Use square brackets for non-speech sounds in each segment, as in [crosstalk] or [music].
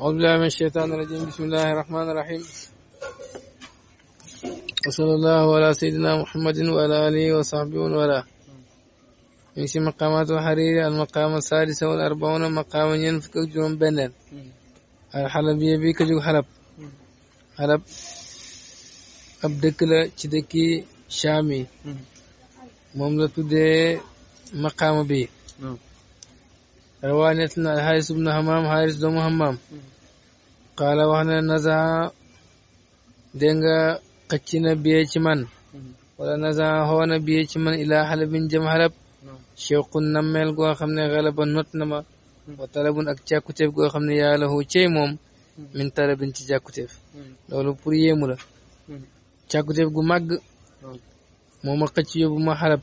أعوذ بالله من الشيطان الرجيم بسم الله الرحمن الرحيم وصلى الله على سيدنا محمد وعلى آله وصحبه وعلى من شي مقامات وحريري المقام السادس والأربعون مقاما ينفك جون بنن الحلبية بك جو حلب حلب ab dëkk la ci dëkki Shaam yi moom la tuddee maqaama bi rawaa nett na alxaaris ibnu xamaam xaaris doomu xamaam qaala wax na naza dégg nga xëcc na man wala naza xoona biyee ci man ilaa xalabin jëm xalab cheiqun nammeel goo xam ne xalaba not na ma wa talabun ak càkkuteef goo xam ne yàlla xoo cey moom min talabin ci càkkuteef loolu pour yéemu la càkkuteef gu màgg moo ma xëcc ma xalab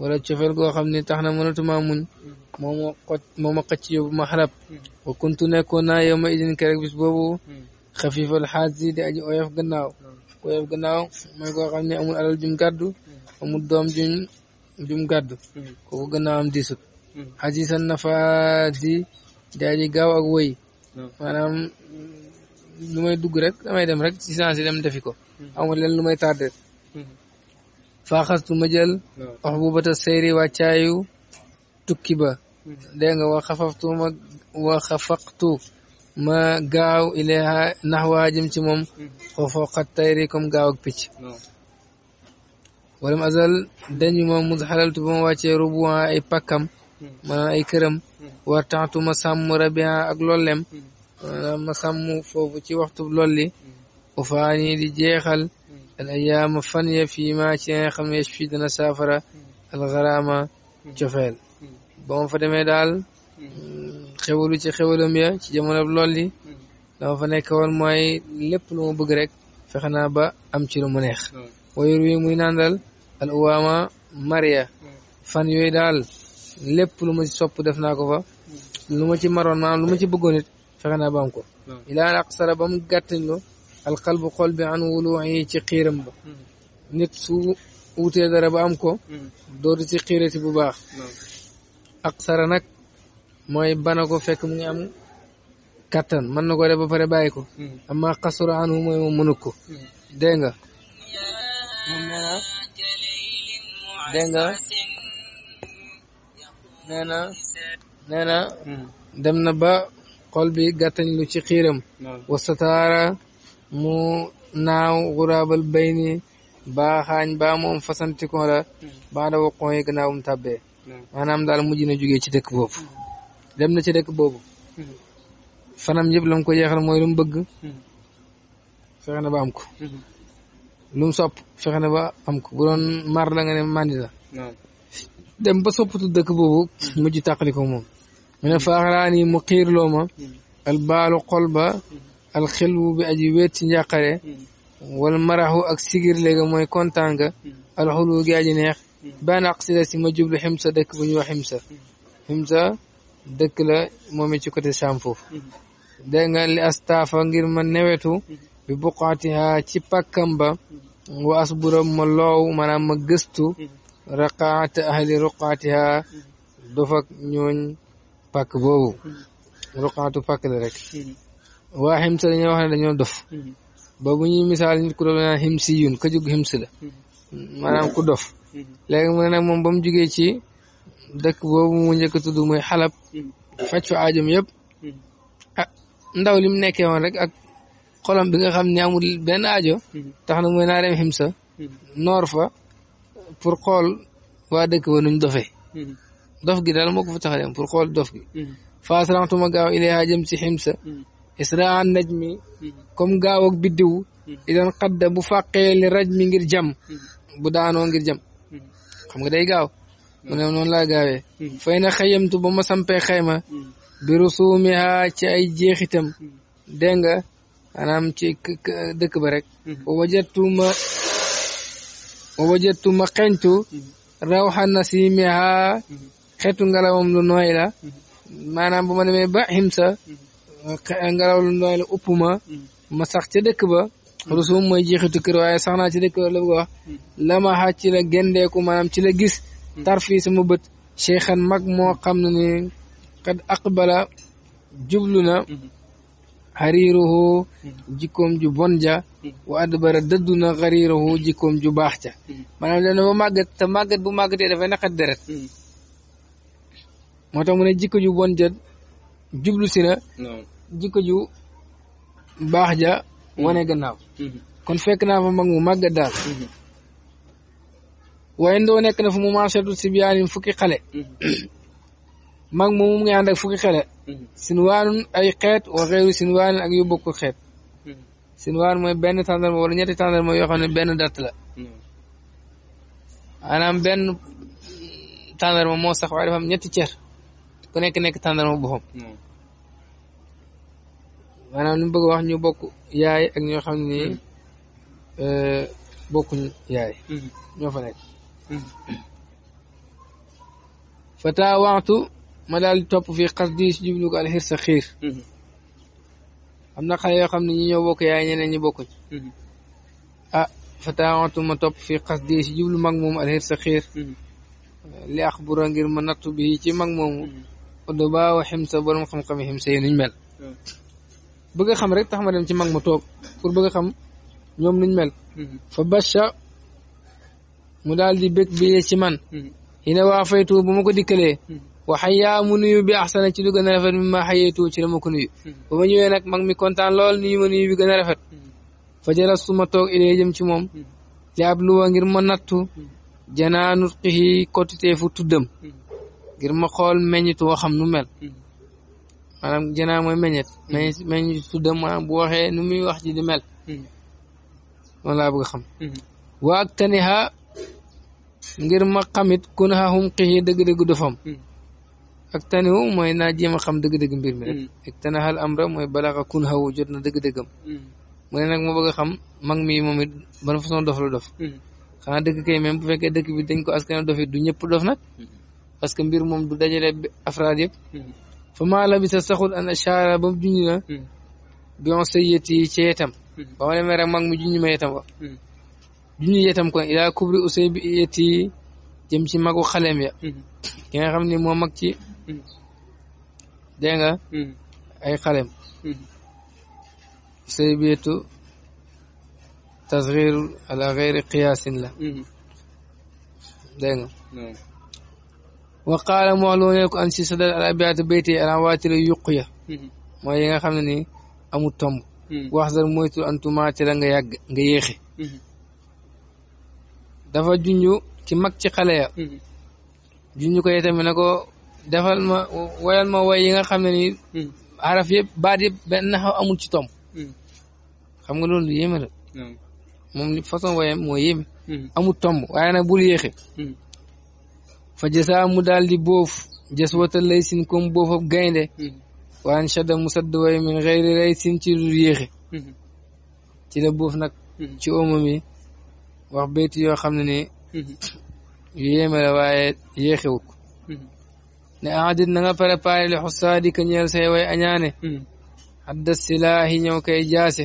wala cofeel goo xam ni tax na mënatuma muñ moo ma xoj moo ma xëcc yóbbu ma xarab wa kuntu ma idin kerek bis boobu xafifal xaas yi di aji oyof gannaaw oyof gannaaw mooy koo xam ne amul alal jum gàddu amul doom juñ jum gàddu kooku gannaawam diisut xasiisan nafaas yi di aji gaaw ak woy maanaam lu may dugg rek damay dem rek ci sens yi dem defi ko amul leen lu may tardé faaxastu ma jël wax bu bata seyri wàccaayu tukki ba hmm. dégg nga wa xafaftu ma gaaw ileha nax waa jëm ci moom xoofoo hmm. xat tayri comme gaaw ak picc walam azal dañu ma mus xalaltu ba ma wàccee rubuwa ay pakkam hmm. maanaam ay këram wartaxtu ma sàmm rabia ak lollem ma sàmm foofu ci waxtu lolli ufaani di jeexal الأيام فنية في ما خم يشفي دنا سافرة الغرامة جفال بون فدمي دال خيولو تي خيولو ميا تي جمونا بلولي لو فنك كوان موي لب لو بغ رك فخنا با أم تي رمونيخ ويروي موي ناندل الأوامة ماريا فن يوي دال لب لو مجي سوب دفنا كوفا لو مجي مارون ما لو مجي بغونيت فخنا بامكو نعم. إلا أقصر بام قتلو القلب قلب عن ولوعه تقير مبا نت سو اوتي دار بامكو دور تقيرة بباخ نعم. اقصر نك موي بانكو فك مي ام كاتن من نكو ري بفر بايكو اما قصر عنه موي منكو دينغا دينغا نانا نانا دمنا با قلبي غاتن لو تي خيرم نعم. وستاره mu naaw xuraabal bay ba baaxaañ baa moom fasantikon la baa da waqon yi mu tàbbee hmm. maanaam daal mujj na jógee ci dëkk boobu hmm. dem na ci dëkk boobu hmm. fanam yëpp la mu ko jeexal mooy lu mu bëgg fexe ba am ko lu mu sopp fexe na ba am ko bu doon nga ne mandi dem ba soppatu dëkk boobu mujj tàqali moom mu ne faaxaraani mu xiirloo albaalu xol alxilwu bi aji wéet ci njàqare wal maraxu ak sigir léegi mooy kontaan ga alxulu gi aji neex benn aqsida si ma jublu ximsa dëkk bu ñuy wax ximsa ximsa dëkk la moom it ci côté Saam foofu dégg li astaafa ngir ma newetu bi buqaatiha ci pàkkam ba wa asburam ma loow maanaam ma gëstu raqaata ahli ruqaatiha dofak ñooñ pàkk boobu ruqaatu pàkk la rek waa ximsa dañoo wax ne dañoo dof mm-hmm. ba bu ñuy misaal nit ku dof la naan ximsi yun ka jug ximsi la mm-hmm. maanaam ku dof mm-hmm. léegi mu ne moom ba mu jugee ci dëkk boobu mu njëkk tudd muy xalab faj fa aajom yëpp ah ndaw li mu nekkee woon rek ak xolam bi nga xam ne amul benn ajo tax na mooy naa dem ximsa noor fa pour xool waa dëkk ba nuñ dofee dof gi daal moo ko fa tax a dem pour xool dof gi faasramtuma gaaw ilayha jëm ci ximsa isra an najmi comme hmm. gaaw ak biddiw hmm. idan xadda bu fàqee li raj mi ngir jam hmm. bu daanoo ngir jam xam nga day gaaw mu ne noonu laa gaawee fay na xayamtu ba ma xayma bi rusumiha ci ay jeexitam dégg nga maanaam ci dëkk wa wajattu ma wa wajattu ma xeñtu rawxa nasimiha xetu ngelawam lu nooy la maanaam bu ngelaw lu nooy la upp ma mm. ma sax ca dëkk ba rusum mm. mooy jeexitu kër waaye sax naa ci dëkk ba la bëgg mm. lama xaaj ci la gendeeku maanaam ci la gis tar fii sama bët cheikhan mag moo xam ne ni xad aqbala jublu na xariiruhu mm-hmm. mm-hmm. jikkoom ju bon ja mm-hmm. wa adbara dëddu na xariiruhu jikkoom ju baax ja maanaam dana ba màggat te màggat bu màggatee dafay naqat deret moo tax mu ne jikko ju bon ja jublu si na jikko ju baax ja wane mm-hmm. gannaaw mm-hmm. kon fekk naa fa mag mu màgg daal mm-hmm. waaye ndoo nekk na fu mu maasatu si biyaanin fukki xale mag moom mu ngi ànd fukki xale sinwaanun ay xeet wa xeeru sinwaanin ak yu bokkul xeet sinwaan mooy benn tàndarma wala ñetti tàndarma yoo xam ne benn datt la maanaam benn tàndarma moo sax waaye dafa am ñetti cer ku nekk nekk tàndarma boppam hmm. maanaam li mu bëgg wax ñu bokk yaay ak ñoo xam ne hmm. euh, bokkuñ yaay hmm. ñoo fa nekk fata ma daal di topp fii xas di si jublu ko alxiir sa xiir am na xale xam ne ñu ñoo bokk yaay ñeneen ñi bokkuñ ah fata waxtu ma topp fii xas di si jublu mag moomu alxiir sa xiir li ax bura ngir ma nattu bi ci mag moom Odoba wa Ximsa borom xam-xam yi Ximsa yi niñ mel. bëgg a xam rek tax ma dem ci mag ma toog pour bëgg a xam ñoom niñ mel. fa Bacha mu daal di bëgg bi ci man. yi ne waa faytu bu ma ko dikkalee. waxay yaa mu nuyu bi axsana ci lu gën a rafet mi ma xayeetu ci la ma ko nuyu. ba ma ñëwee nag mag mi kontaan lool nuyu ma nuyu bi gën a rafet. fa jalas su ma toog ilee jëm ci moom. jaab lu wa ngir ma nattu. janaanu xixi kottiteefu tuddam. ngir ma xool meññitu waxam nu mel hmm. maanaam janaa mooy meññet hmm. meññitu tuddam maanaam bu waxee nu muy wax ji di mel hmm. loolu laa bëgg a xam waag taniha ngir ma xamit kun xaxum xixi dëgg-dëgg dofam ak tanihu mooy naa jéem a xam dëgg-dëgg mbir mi nag ma bëgg a xam mag mi moom it façon dof la dof xanaa dëkk kay même bu fekkee dëkk bi dañ ko askan dof it du ñëpp dof nag parce que mbir moom du dajale afraad yëpp hmm. fa maa labisa saxul an ashaara ba mu junj na bion sa yét yetam hmm. ba ma demee rek mag mu junj yetam wa hmm. junj yetam kon ilaa kubri usay bi yét yi jëm ci magu xalem ya ki nga xam ne moo mag ci dégg ay xalem usay bi yétu tasgir ala xeyri qiyaasin la dégg وقال مولون لك ان سدد الابيات بيتي انا واتر يقيا ما ييغا خامني امو توم واخذر مويت انتما تي لاغا ياغ غا ييخي دا فا جونيو كي ماك تي ويال ما واي ييغا عرف ييب بعد ييب بن نحو امول تي توم خام نغا لون امو توم واي بول ييخي fa jësaa mu daal di boof jës wata lay sin comme boof ab gaynde waan shada mu sadd way min xëyri lay sin ci dul yéexe ci la boof nag ci omo mi wax béyti yoo xam ne ni yu yéeme la waaye yéexewut ne aadit na nga préparé li xusaadi ka ñeel say way añaane xadda silaahi ñëw kay jaase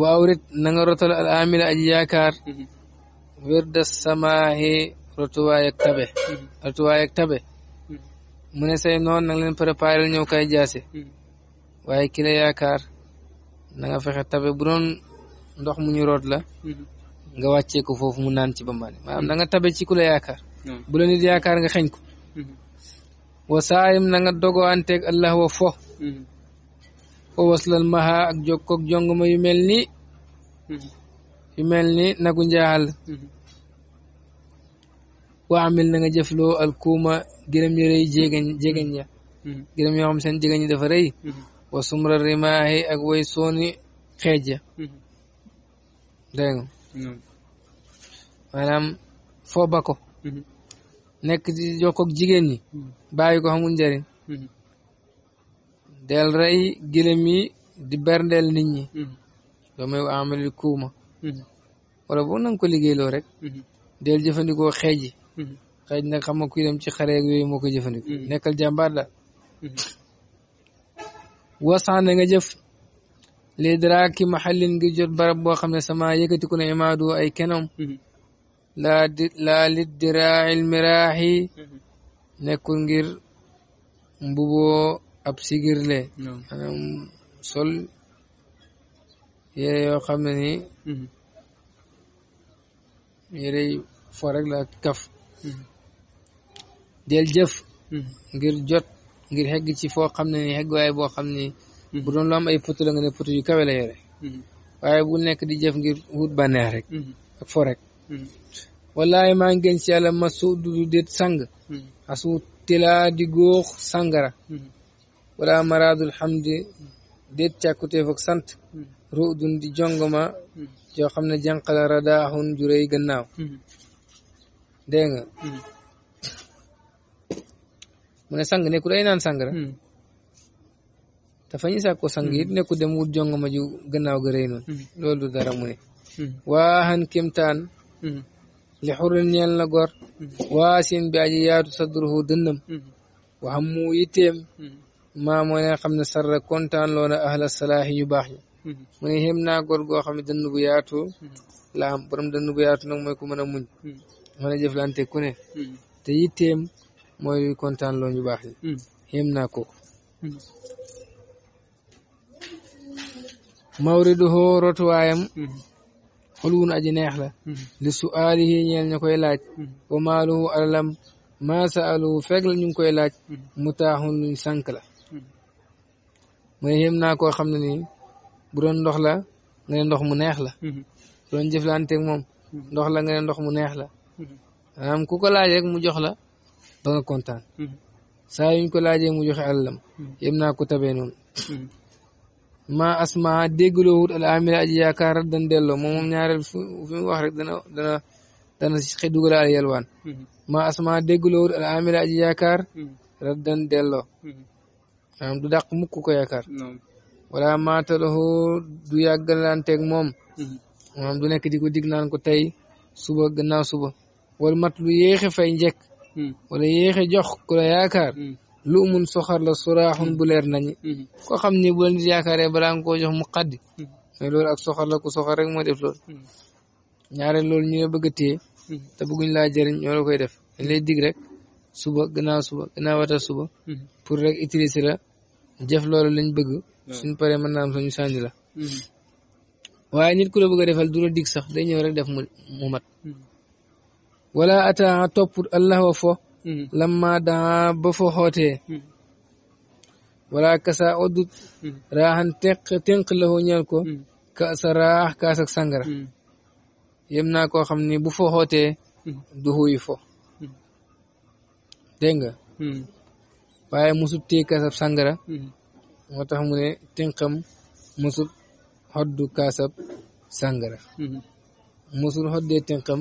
waaw rit na nga rotal al amila aji yaakaar wirda samaahi rotuwaay ak tabe hmm. rotuwaay tabe hmm. mu ne say noon nanga leen préparé ñëw kay jaase hmm. waaye ki la yaakaar na fexe tabe bu doon ndox mu ñu root la nga wàccee foofu mu naan ci ba mbaane maanaam na nga tabe ci ku la yaakaar bu la nit yaakaar nga xeñ ko wa saayim dogo anteeg allah wa fo fo waslal maha ak jokkoog jongoma yu mel nii yu mel ni nagu njaaxal mhm. waa amil na nga jëfloo al kuuma gërëm yu rëy jéegañ jéegañ ya mhm. gërëm yoo xam seen jéegañ dafa rëy mhm. wa sumra rimaahi ak way sooni xeej ya dégg nga maanaam foo nekk di jokkoog jigéen ñi bàyyi ko xamul njëriñ del rey gërëm yi di berndeel nit ñi doo may wa amalil kuuma Mhm. wala boo na nga ko loo rek mhm. del jëfandikoo xeej yi mhm. xeej nag xam nga kuy ci xareeg yooyu moo ko jëfandikoo nekkal jàmbaar la wasaan na nga jëf li daraaki maxallin ngi jot barab boo xam ne sama yëkkatiku na imaadu ay kenom laa di laa lit dirail miraaxi nekkul ngir mbuboo ab sigirle maanaam sol yére yoo xam ne nii mm-hmm. yére yi la kaf mm-hmm. del jëf mm-hmm. ngir jot ngir xegg ci foo xam ne nii xegg waaye boo xam ni bu doon ay poto la nga ne poto yu kawe la yore waaye nekk di jëf ngir wut bànneex rek ak fo wallahi maa ngi gën ci yàlla ma suududu déet sang asu tilaa di góox sangara wala maraadul hamdi déet càkkuteef ak sant ruudun di jongoma hmm. joo xam ne jànqala radaaxun juréy gannaaw hmm. dégg nga hmm. mu ne sang nekkul ay naan sangara te fa ñu sàkkoo sang it nekkul dem wut jongoma ju gannaaw ga rëy noonu loolu du dara mu ne waaxan kémtaan li xurin ñeel na gor waasin bi aji yaatu sadruhu dënnam waxam mu yitteem maa mooy nga xam ne sarra kontaan loo na ahla salaahi ñu baax mu ne naa góor goo xam ne dënn bu yaatu la borom dënn bu yaatu nag mooy ko mën a muñ mën a jëflante ku ne te yitteem mooy kontaan loo ñu baax yi xém naa ko mawridu hoo rotuwaayam xulwun aji neex la li suaalihi ñeel ñu koy laaj wa maaluhu alalam maa saaluhu fekk la ñu ngi koy laaj mu taaxun luñ la mooy xém naa koo xam ne bu ndox la nga ne ndox mu neex la bu jëflante ak moom ndox la nga ne ndox mu neex la maanaam ku ko laaj rek mu jox la ba nga kontaan saa yuñ ko laajee mu joxe àllam yem naa ko tabee noonu ma asma déggloo wut al amila aji yaakaar rek dan delloo moom moom ñaareel fu mu wax rek dana dana dana xëy dugal al yalwaan ma asma déggloo wut al amila aji yaakaar rek dan delloo maanaam du dàq mukk ko yaakaar wala maatalahu du yàggalanteeg moom maanaam mm-hmm. du nekk di ko dig naan ko tey suba gannaaw suba wala mat lu yéexe fay njëkk mm. wala yéexe jox ku la mm. lu mun soxar la suraaxun bu leer nañi mm-hmm. ko xam ni bu la nit yaakaaree balaa nga koo jox mu xaddi mm-hmm. mais loolu ak soxar la ku soxar rek moo def loolu ñaareel loolu ñu la bëgg a téye te bëgguñ laa jëriñ ñoo koy def dañ lay dig rek suba gannaaw suba gannaaw wata suba pour rek utiliser la jëf loolu lañ bëgg suñ paree mën naa am sax la. Hmm. waaye nit ku la a defal du la dig sax day ñëw rek def mu mat. Hmm. wala ataa topput allah wa fo. Hmm. lamma daa ba fo xootee. wala kasa odut. raaxan teq tenq la ko ñaan ko. kaasa raax kaas sangara. yem naa koo xam ni bu fo xootee. du xuy fo. waaye musut tee kaas sangara. moo tax mu ne tënkam musul xoddu kaasab sàngara mm-hmm. musul xoddee tënkam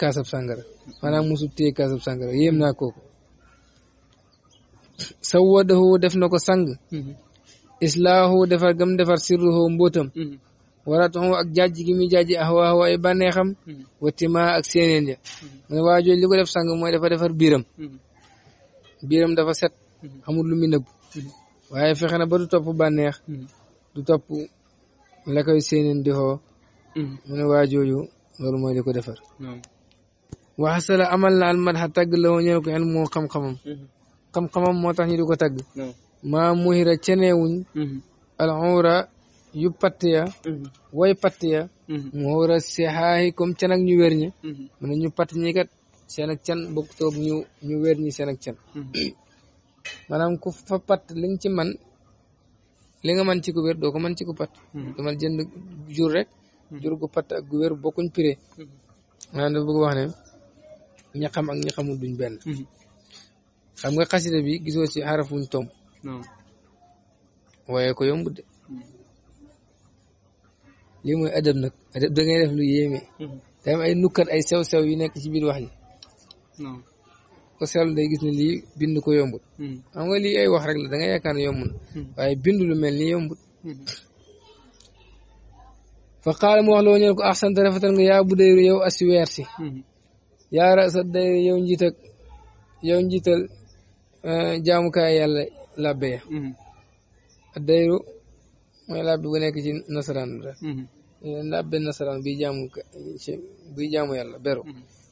kaasab sàngara maanaam musul téye kaasab sàngara yéem naa kooku sawwadahu def na ko sang mm-hmm. islaahu defar gam defar sirruhu mbóotam mm-hmm. waratoxu ak jaaj gi muy jaaj ahwaahu ay bànneexam wattima ak seeneen ja mu ne waajooju def sang mooy dafa defar biiram biiram dafa set xamul lu nëbb waaye fexe na ba du topp bànneex mm. du topp la koy séeneen di xoo mm. mu waa jooju loolu mooy di ko defar waxasala amal na almadxa tàgg la woo ñeen ko moo xam-xamam mm-hmm. xam moo tax ñu di ko tàgg maa muhira ceneewuñ mm-hmm. alxuura yu patt ya mm-hmm. way patt ya mu xuura sexaayi comme can ak ñu wér ñi mu ñu patt ñi kat seen ak can ñu wer wér ñi seen ak can maanaam ku fa pat li ci man li nga man ci ku wér doo ko man ci ku pat mhm. dama jënd jur rek mhm. jur gu pat ak gu wér bokkuñ piré mhm. maanaam dafa bëgg wax ne ña xam ak ña xamul duñ benn xam nga xasida bi gisoo ci xarafuñ tom waaye ko yomb de lii mooy adab nag adab da def lu yéeme. da ay nukkat ay sew-sew yu nekk ci biir wax ni ko seetlu day gis ne lii bind ko yombut hmm. xam nga lii ay wax la da nga yaakaar ne yomb na hmm. waaye bind lu mel ni yombut hmm. fa qaala mu wax loo ñeen ko axsanta rafetal nga yaa bu dayru yow asi weer si yaa rasa dayru yow njiital yow njiital eh, jaamukaay yàlla ya dayru mooy labbe bu nekk ci nasaraan bi rek eh, labbe nasaraan bi jaamu buy jaamu yàlla beru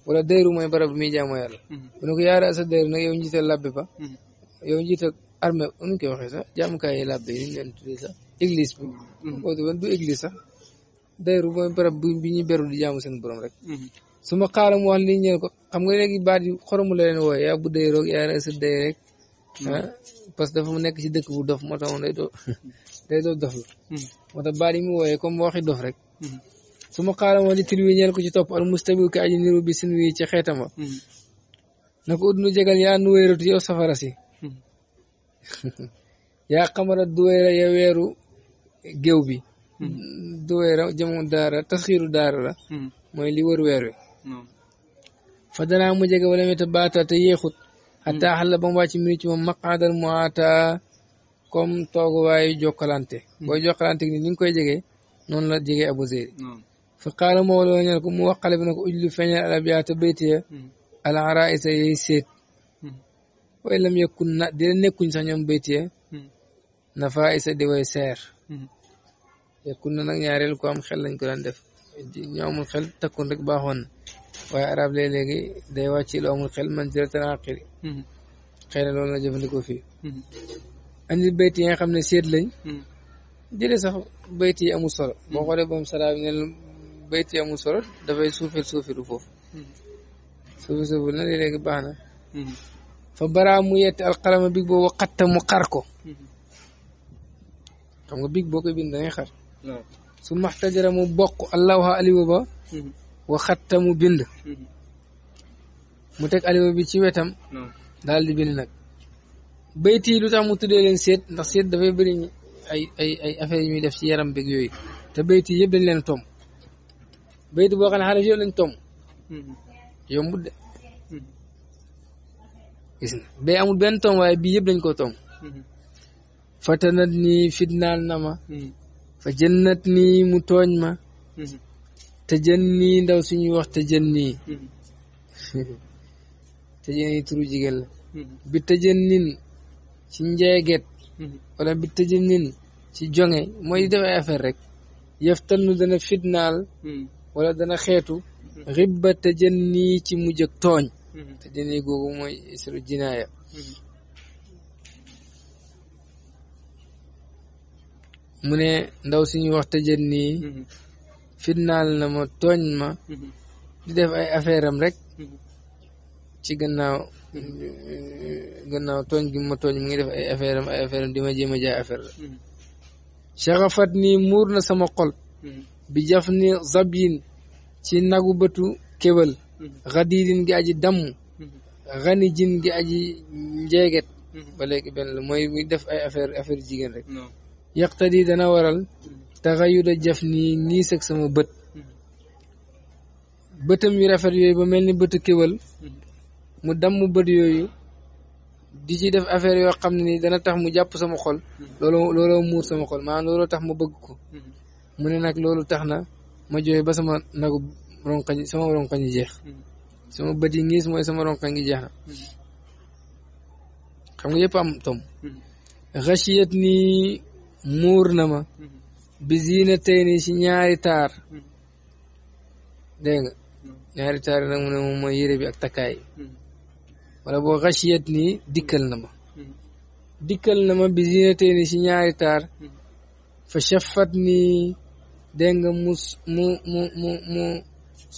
wala dayru mooy barab bi muy jaamoo yàlla mu mhm. ne ko yaara asa yow njiital labbe ba mhm. yow njiital armée nuñ koy sax jaamukaay yi labbe yi ñu bi boobu mhm. ban di jaamu seen borom rek su ma xaaral mu ko xam nga léegi baat yi xoromu la leen wooye yaa bu day rek ah parce que dafa nekk ci dëkk bu dof moo tax moom day doo day doo dof la moo tax baat mu wooyee comme waxi dof rek suma ma xaaral ma di til wi ko ci topp al mustabi ka aji niru bi sin wi ci xeetam wa hmm. na ko udnu jegal yaa nuweeratu yow safara si hmm. [laughs] yaa xamara duweera ya weeru géew bi hmm. duweera jamono daara tasxiiru daara la mooy li wër weer wi fa danaa mu jege wala meta baata te yéexut xataa xala ba mu wàcc ci moom maqaadal mu aata comme tooguwaayu jokkalante booy jokkalante ni ni koy jegee noonu la jegee abou فقال مولو نلقم موقل ابنك اجل فنيا الابيات بيتي على عرائس يسيت وان لم يكن نادر نكون سنيم بيتي نفائس دي سير يكون نك نياري لكو ام خل لنكو لان دف نيوم الخل تكون رك باهون وي عرب لي لي دي واتي لو ام الخل من جرت ناقر خير لو لا جفندكو في اني بيتي خمنا سيت لن جيلي صاح بيتي امو سول بوكو ري بوم bayti amul solo dafay suufil suufilu foofu suufi suufil na léegi baax na fa baraa mu yetti alqalama big boobu xatta mu xar ko xam nga big boo koy bind dangay xar su maxtajara mu bokk allahu aliwa ba wa xatta mu bind mu teg aliwa bi ci wetam daal di bind nag bayt yi lu tax mu tuddee leen seet ndax seet dafay bëri ay ay ay affaire yu ñuy def ci yaram beeg yooyu te bayt yi yëpp dañ leen tomb bayit boo xam ne xaalis yooyu mm-hmm. yombut de mm-hmm. gis na benn tomb waaye bii yëpp dañ koo tomb mm-hmm. fatanat nii fitnaal na ma fa jënnat nii mu tooñ ma te jën nii ndaw suñuy wax te jën [laughs] turu jigéen la bi te ci njeeget wala bi te ci jonge mooy di def ay rek yëftal nu dana fitnaal wala dana xeetu ribba tëjënni ci mujj ak tooñ mhm. tëjënni googu mooy isru jinaaya mhm. mu ne ndaw suñuy wax tëjënni mhm. fitnaal na ma tooñ ma di def ay affaire am rek ci gannaaw gannaaw tooñ gi ma tooñ mu ngi def ay affaire am ay affaire am di ma jéem a jaay affaire la saxafat nii muur na sama xol bi jaf ni zabyin ci nagu bëtu kéwél xadiidin mhm. gi aji damm xani mhm. jin gi aji njeeget mhm. ba léegi benn la mooy muy def ay affaire affaire jigéen rek yaqtadi dana waral taxayuda jaf nii nii sëg sama bët bëtam yu rafet yooyu ba mel ni bëtu kéwél mu damm bët yooyu di ci def affaire yoo xam ne ni dana tax mu jàpp sama xol looloo looloo muur sama xol maanaam looloo tax ma bëgg ko mu ne nag loolu tax na ma jooy ba sama nagu ronkañ sama jeex hmm. sama bët yi ngiis mooy sama ronkañ gi jeex na hmm. xam nga yëpp am tom xasiyat hmm. nii muur na ma bi ziina si ñaari taar dégg nga ñaari taar nag mu moom mooy yére bi ak takkaay wala boo xasiyat nii dikkal na ma dikkal na ma bi ziina si ñaari taar fa shafat nii dégg nga mu mu mu mu mu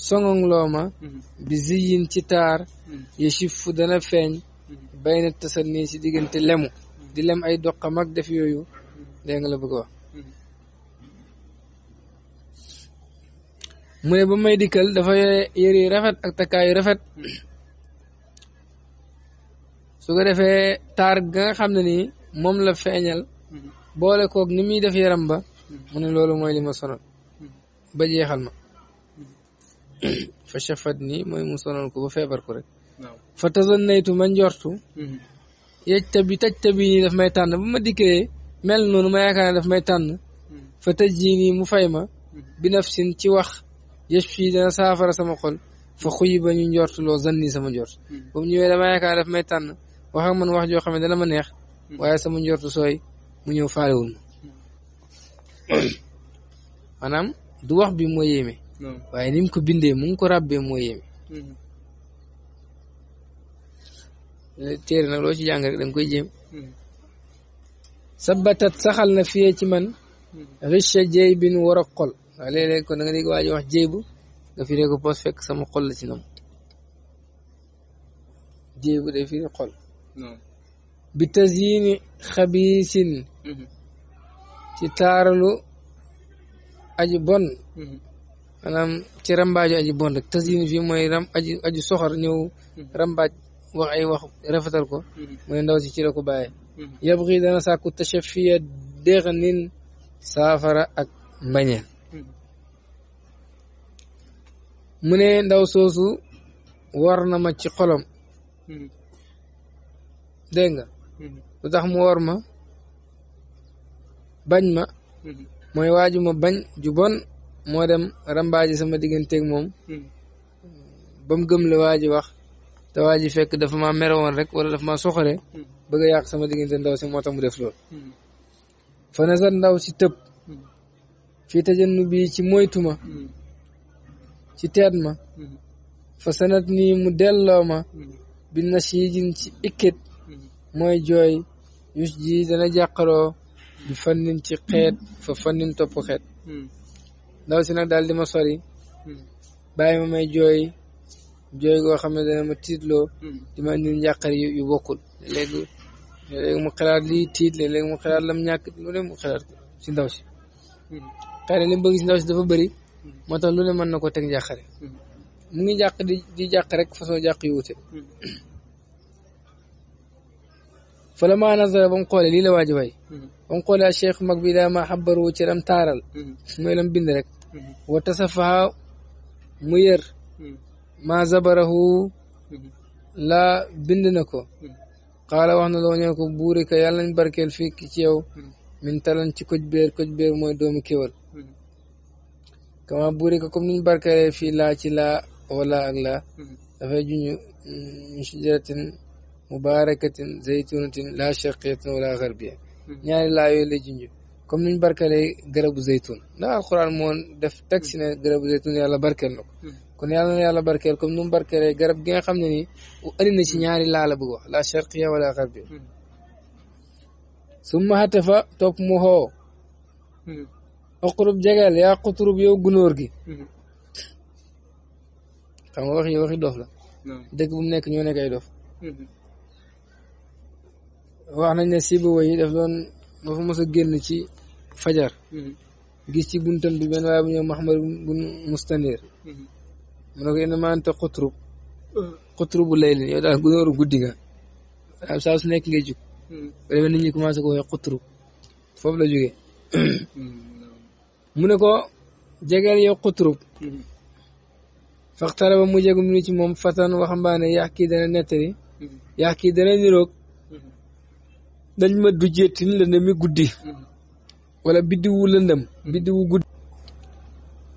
songongloo mhm. bi ziyin ci taar mhm. yëchifu dana feeñ mhm. bay na tasal nii si diggante lemu di lem ay doqa mag def yooyu dégg nga la bëgg wax mu ne ba may dikkal dafa yëre yu rafet ak takkaay yu rafet su ko defee taar gaa xam ne nii moom la feeñal boole kook ni muy def yaram ba من لولو موي لي ما سونال با جيخال ما فشفدني موي مو سونال كو فيبر كو رك فتظنيت ما نجورتو يتبي تتبي ني داف ماي تان بما ديكري مل نونو ما يكان داف ماي تان فتجيني مو فايما بنفس تي واخ يشفي دا سافر سما خول فخيب ني نجورتو لو زني سما نجورت بام نيوي دا ما يكان داف ماي تان واخ من واخ جو خامي دا ما نيه waye sama njortu sooy mu ñëw faale wuñu [coughs] maanaam du wax bi moo yéeme waaye ni ko bindee mu ko ràbbee moo yéeme mm-hmm. eh, téere nag loo ci jàng rek da koy jéem mm-hmm. sabatat saxal na fiyee ci man mm-hmm. riche jéy bin war a xol kon da nga dégg waa wax jéy bu firee ko poos fekk sama xol la ci nam jéy bu firi xol bi tasyini xabiisin ci taaralu aji bon mhm. maanaam ci rambaaju aji bon rek tasdin fii mooy aji soxor ñëw mhm. rambaaj wax ay wax rafetal ko mhm. mooy ndaw si ci la ko bàyyee yabri dana sàkku tachafiya déex nin saafara ak mbañeel mu ne ndaw soosu war na ma ci xolom dégg nga lu tax mu war ma bañ ma hmm. mooy waaju ma bañ ju bon moo dem rambaaji sama digganteeg moom hmm. ba mu gëm la waaji wax te waaji fekk dafa ma maa merewoon rek wala dafa ma soxore hmm. bëgg a yàq sama diggante ndaw si moo tax mu def ndaw si tëb fii ci moytuma ci teet ma fa sanat nii mu delloo ma bi na siijin ci ikkit mooy jooy yus ji dana jàqaroo bi fannin ci xeet hmm. fa fannin topp xeet hmm. ndaw si nag daal di ma sori hmm. bàyyi ma may jooy jooy goo xam ne dana ma tiitloo di ma indil njàqar yu bokkul léegi mu xalaat lii tiit léegi mu xalaat lam ñàkk lu ne mu xalaat si ndaw si xëy na li mu bëgg si ndaw si dafa bëri moo tax lu ne mën na ko teg njàqare mu ngi jàq di di jàq rek façon jàq yu wute fala maa nazara ba mu xoolee lii la waa ji way mm-hmm. ba mu xoolee cheikh mag bi daa ma xabaru ci ram taaral mooy mm-hmm. lam bind rek mm-hmm. wa tasafaha mu yër ma zabarahu la bind na ko xaala wax na loo ñëw ko buuri ka yàlla ci yow min talan ci koj béer koj béer mooy doomu kéwal kama buuri ka comme niñ barkeelee fii laa wala ak laa dafay mm, min shijaratin مباركة زيتونة لا شرقية ولا غربية نيالي يعني لا يولي جنجو كم نين بركة لي غرب زيتون لا القرآن مون دف تكسينة غرب زيتون يالا بركة لك كون يالا يالا بركة لكم نين بركة لي غرب جين خمدني وأرين نشي نيالي يعني لا لبغو لا شرقية ولا غربية ثم هتفا توب موهو أقرب جغال يا قطرب يو غنورغي كما وخي وخي دوفلا نعم. دك بوم نيك نيو نيك اي wax nañ ne Sibawayh yi daf doon dafa mos a génn ci fajar hmm. gis ci buntam bi benn waaye bu ñëw Muhammad bun Mustanir hmm. mu ne ko innama anta xutrub xutrubu hmm. laylin yow daal gunóoru guddi nga waaw saa nekk ngay jug ba demee nit commencé ko waxee xutrub la jógee [clears throat] mu ne ko jegeel yow xutrub faxtara ba mu jegu mu ci moom fatan waxambaane yax kii dana nettali yax kii dana niroog dañ ma dujjeetin lëndëmi guddi wala biddiwu lëndëm biddiwu guddi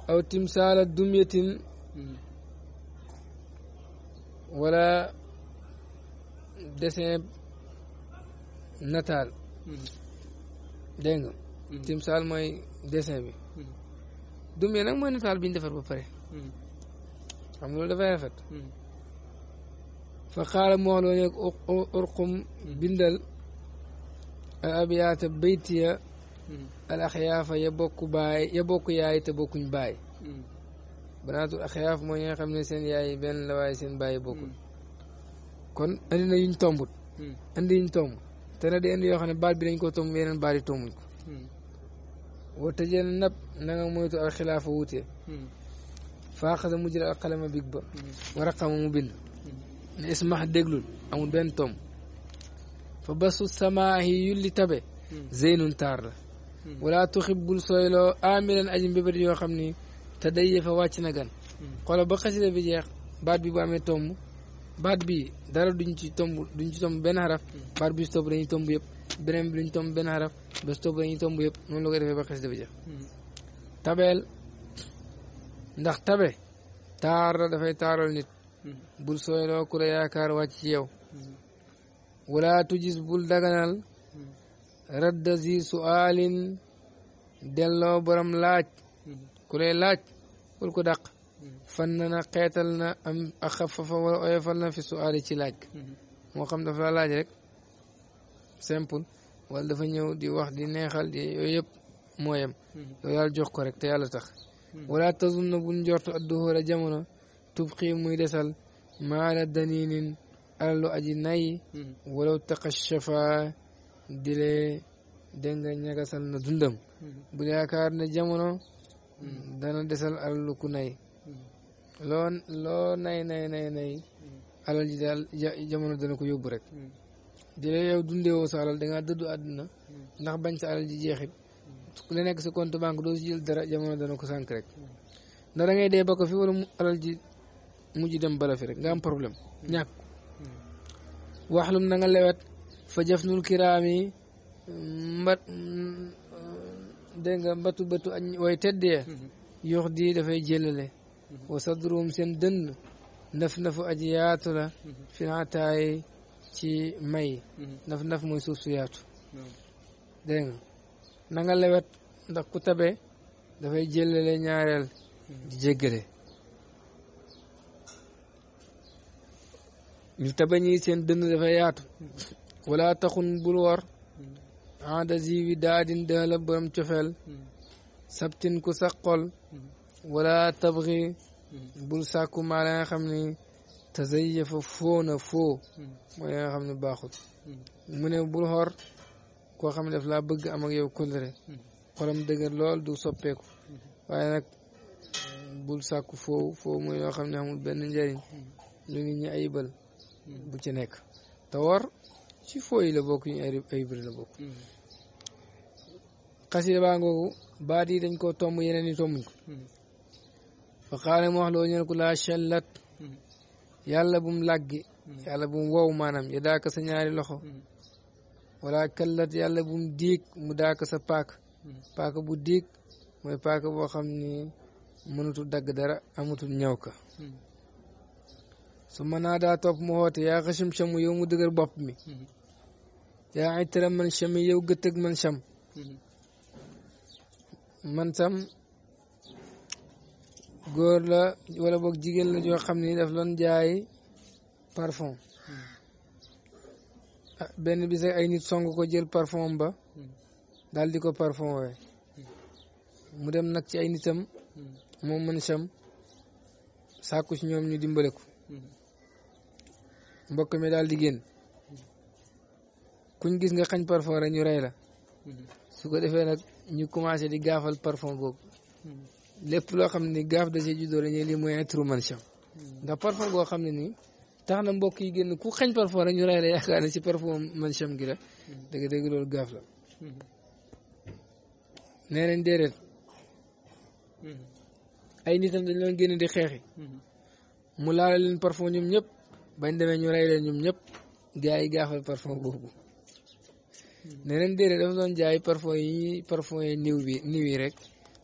aw timsaala dumyatin wala dessin nataal dégg nga timsaal mooy dessin bi dumya nag mooy nataal bi defar ba pare xam nga loolu dafay rafet fa xaala mu wax loo nekk urqum bindal الابيات بيتي الاخياف يبوك باي يبوك ياي تبوك باي بنات الاخياف مو يخم سين ياي بن لواي سين باي بوك كون اندي نين تومبوت اندي نين توم تانا دي اندي يو خاني بال بي نكو توم يينن باري توم وتجن نب نغا مويتو الخلاف ووتي فاخذ مجرى القلم بيكبا ورقم مبين اسمح دغلول امون بن توم fa basu samaahi yulli tabe hmm. zeynun taar la hmm. wala tuxibbul sooyloo amilan aji mbébét yoo xam ni te day yëfa wàcc na gan hmm. xoolal ba xasida bi jeex baat bi bu amee tomb baat bi dara duñ ci tomb duñ ci tomb benn xaraf baat bi su topp tomb yëpp beneen bi duñ tomb benn xaraf ba su topp dañuy tomb yëpp noonu la defee ba xasida bi jeex tabeel ndax tabe taar la dafay taaral nit bul sooyloo ku la yaakaar wàcc ci yow wala tujis bul daganal radda zi sualin delloo borom laaj ku laaj bul ko dàq na na xeetal na am a xafafa wala oyofal na fi suali ci laaj moo xam dafa la rek simple wala dafa ñëw di wax di neexal di yooyu yëpp mooyam loolu ko rek te tax wala tazum na bul njortu adduhóor a jamono tubqi muy desal maala daninin alal lu aji nay hmm. walaw taqa shafa dilee dégg nga ñagasal na dundam hmm. bu yaakaar ne jamono hmm. dana desal alal lu ku nay loo loo nay nay nay nay alal ji daal jamono dana ko yóbbu rek dile yow dundewoo sa alal dangaa dëddu àdduna ndax bañ sa alal ji jeexit la nekk sa compte banque doo si jël dara jamono dana ko sànq rek ndax ngay dee ba ko fi wala alal ji mujj dem bala rek nga am problème ñàkk waxlum nanga nga lewet fa jafnul kiraami mbat dégg mbatu bëtu añ way yox mhm. di dafay jëlale mhm. wa sadruum seen dënn naf nafu aji yaatu la mhm. fi ci may naf naf mooy suuf su yaatu dégg nga na lewet ndax ku tabe dafay jëlale ñaareel di jéggale li tabañ yi seen dënn dafa yaatu wala taxun bul war aada zi bi daadin dana la borom cofeel sabtin ku saqol wala tabxi bul sàkku maa la nga xam ni tazayafa foo na foo mooy la nga xam ne baaxut mu ne bul xor koo xam ne daf laa bëgg am ak yow kóllëre xolam dëgër lool du soppeeku waaye nag bul sàkku foo foo mooy loo xam ne amul benn njëriñ ñu ngi ñu ayibal bu ci nekk te war ci fooyi la bokk ay bëri la bokk hmm. xasida baa ngoogu baat yi dañ koo tomb yeneen yi tombuñ ko hmm. fa xaale wax loo ñu ne ko laa challat hmm. yàlla bu mu làggi yàlla bu mu wow maanaam ya daaka sa ñaari loxo wala kallat yàlla bu mu diig mu daaka sa paaka bu diig mooy paaka boo xam ni mënutu dagg dara amutul ñaw ka su ma naa daa topp mu woote yaa xacham chamu yow mu dëgër bopp mi mm-hmm. yaa itara man chami yow gëttëg man cham man sam mm-hmm. góor la wala boog jigéen la joo xam ni daf loon jaay parfum mm-hmm. ah, benn bi sax ay nit song ko jël parfum ba daal di ko parfum wee mu dem nag ci ay nitam moom man cham sàkku ci ñoom ñu dimbale ko mbokk mi daal di génn kuñ gis nga xañ parfum rek ñu rey la su ko defee nag ñu commencé di gaafal parfum boobu lépp loo xam ni gaaf da see juddoo dañuy li lii mooy intru mancham ndax parfum boo xam ne nii tax na mbokk yi génn ku xañ parfum rek ñu rey la yaakaar ne si parfum mancham gi la dëgg-dëgg loolu gaaf la nee nañ déedéet ay nitam dañ leen génn di xeexi mu laala leen parfum ñoom ñëpp bañ demee ñu rey leen ñoom ñëpp gars yi gaafal parfum boobu hmm. neneen déedéet dafa doon jaay parfum yi parfum yi niw i yi rek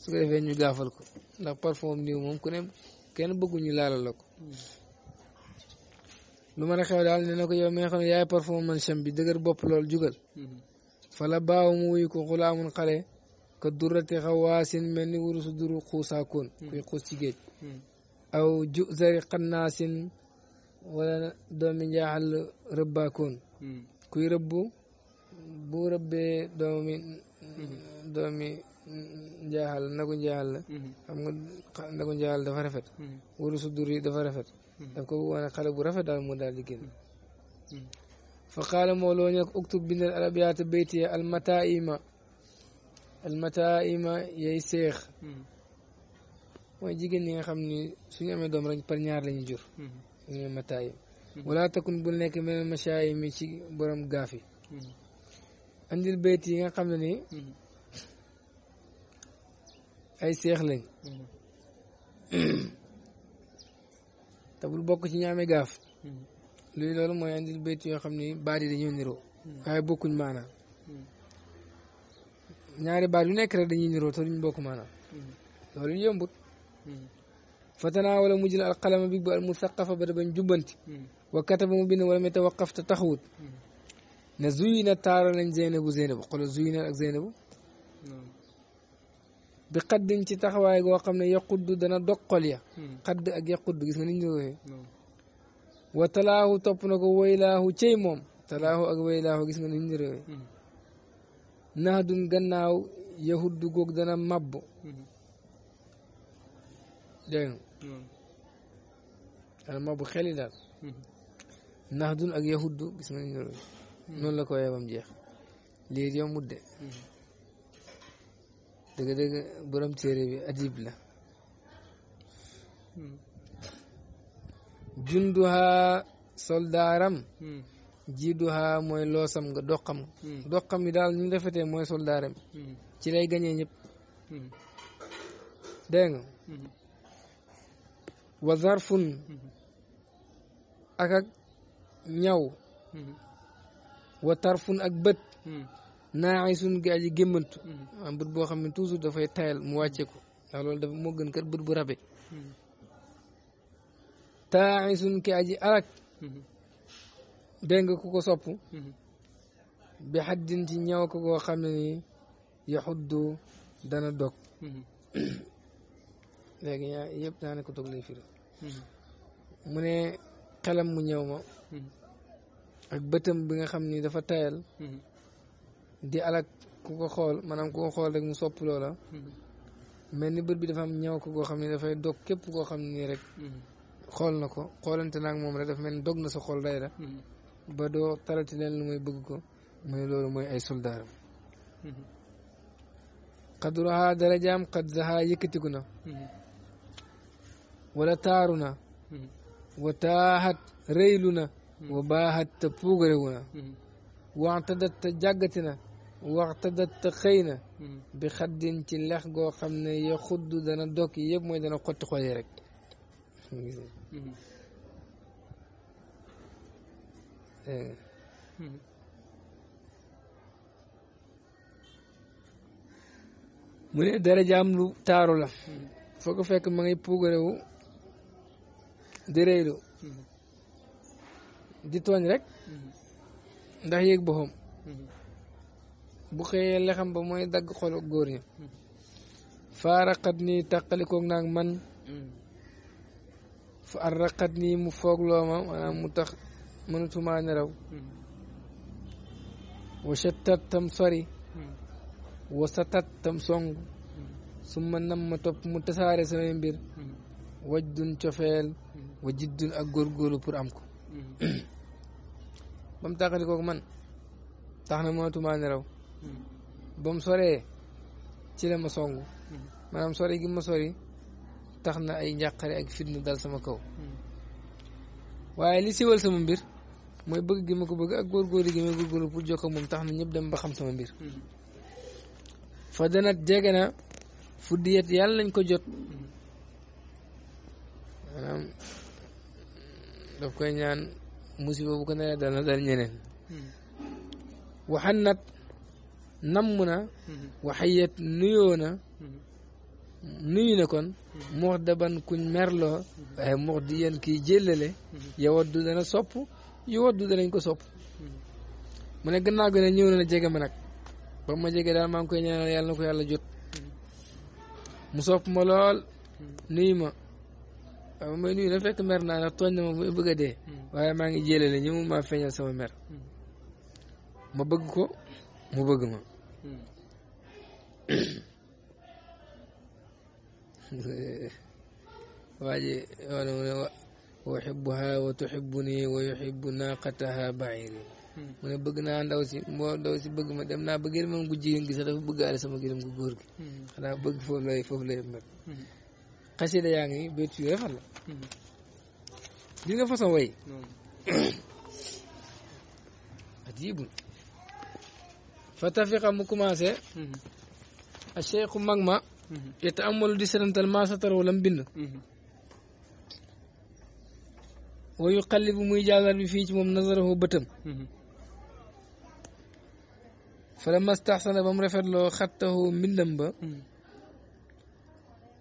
su ko defee ñu gaafal ko ndax parfum niw moom ku ne kenn bëgguñu laalal la ko hmm. lu mën a xew daal nee ko yow mi nga xam ne yaay parfum man cham bi dëgër bopp lool jugal hmm. fala baaw mu wuyu ko xulaamun xale ka durati xawaasin mel ni wurusu duru xuusaakoon kuy xuus ci aw zari xannaasin wala doomi njaaxal rëbbaakoon kuy rëbbu bu rëbbee doomi doomi njaaxal nagu njaaxal la xam nga nagu njaaxal dafa rafet wuru su dur yi dafa rafet daf ko bëggoon xale bu rafet daal moo daal di génn fa qaala moo loo ñëw uktub bindal arabiyaata bayti almataima almataima yay seex mooy jigéen ñi nga xam ni suñu amee doom rek par ñaar lañu jur suñuy mataay yi mhm. wala takun bul nekk meneen machayi mi ci borom gaaf yi mhm. andil bayt yi nga xam ne ni mhm. ay seex lañ bokk ci ñaame gaaf luy loolu mooy andil bayt yoo xam ni baat yi dañoo niroo waaye bokkuñ maanaam ñaari baat yu nekk rek dañuy niroo te duñ bokk maanaam loolu yombut فتناول مجن القلم بيب المثقف بدبن جبنت وكتب مبين ولم يتوقف تتخوت نزوين تارا زينب زينب قل زوين زينب نعم. بقد انت تخوى وقمنا يقود دنا دقل يا قد يقود جسنا نجوه نعم. وتلاه تبنك ويلاه تيمم تلاه أقويلاه جسنا نجوه نهد جناو يهود جوك دنا مبو alma bu xeli daal nax dun ak yahuddu gis nga ñu hmm. noonu la ko yeewam jeex liir yow mudde hmm. dëgg-dëgg borom téere bi adib la hmm. junduha soldaaram jiiduha mooy loosam nga doqam doqam yi daal ñu ngi rafetee mooy soldaaram ci lay gañee ñëpp dégg nga wa zarfun ak ak ñaw wa tarfun ak bët naangi suñ gaa ji gémmantu am bët boo xam ne toujours dafay tayal mu wàcceeku ndax loolu dafa moo gën kat bët bu rabe taangi suñ gaa ji arak dégg nga ku ko sopp bi xaddin ci ñaw ko koo xam ne ni yaxuddu dana dog léegi ñaa yëpp ko dog lay firi hmm. mu ne xelam mu ñëw ma hmm. ak bëtam bi nga xam ni dafa tayal hmm. di alag ku ko xool maanaam ku ko xool rek mu sopp loola mel ni bët bi dafa am ñëw ko goo xam ne dafay dog képp koo xam ni rek xool na ko xoolante naag moom rek dafa mel ni dog na sa xool day la ba doo tarati leen lu muy bëgg ko mu ne loolu mooy ay soldaaram xadruha darajaam xad zaha yëkkatiku na wala taaru na hmm. wa taaxat rëylu na hmm. wa baaxat te puugarewu na hmm. waxtadat te jàggati na waxtadat te xëy bi xaddin ci lex goo xam ne ya xudd dana dog yi yëpp mooy dana xotti xoolee rek mu ne darajaam lu taaru la foo fekk ma ngay puugarewu di réylu mm-hmm. di tooñ rek mm-hmm. ndax yéeg boppam mm-hmm. bu xëyee lexam ba mooy dagg xolu góor ñi faaraqat nii tàqalikoog naag man fa arraqat nii mu foog looma maanaam mu tax mënatuma nelaw wa chattat tam sori wa satat tam song su nam ma topp mu tasaare samay mbir wajdun cofeel wa jiddun ak góorgóorlu pour am ko mm-hmm. ba mu tàqali man tax na mënatumaa nelaw mm-hmm. ba mu soree ci la ma songu mm-hmm. maanaam sori gi ma sori tax na ay njàqare ak fitna dal sama kaw waaye li siwal sama mbir mooy bëgg gi ma ko bëgg ak góorgóorlu gi ma góorgóorlu pour moom tax na ñëpp dem ba xam sama mbir fa danat jege na fuddiyat yàlla lañ ko jot daf koy ñaan musiba bu ko nee dal na dal ñeneen waxanat namm na waxayet nuyoo na nuyu na kon mux daban kuñ merloo waaye di yéen kiy jëllale yawaddu dana sopp yawaddu danañ ko sopp mu ne gannaaw ñëw na jege ma nag ba ma jege daal maa koy ñaanal yàlla na ko yàlla jot mu sopp ma lool nuyu ma waaw mooy nuyu na fekk mer naa ndax tooñ na ma bëgg a dee hmm. waaye maa ngi jélale ñi mu maa feeñal sama mer hmm. ma bëgg ko mu bëgg ma hmm. [coughs] waa ji wala mu ne wa uhibbuha wa tuhibbuni wa yuhibbu naaqataha ba'iiri mu ne bëgg naa ndaw si moo ndaw si bëgg ma dem naa ba gërëmam gu jigéen gi sax dafa bëggaale sama gërëm gu góor gi xanaa bëgg foofu lay mer قصيدة يعني بيت في غفلة دي غفلة سوي عجيب فتفق مكماسة الشيخ مغمى يتأمل دي سرنت الماسطر ولم بن ويقلب مجازر بفيج مم نظره بتم فلما استحسن بمرفر لو خطه من لمبه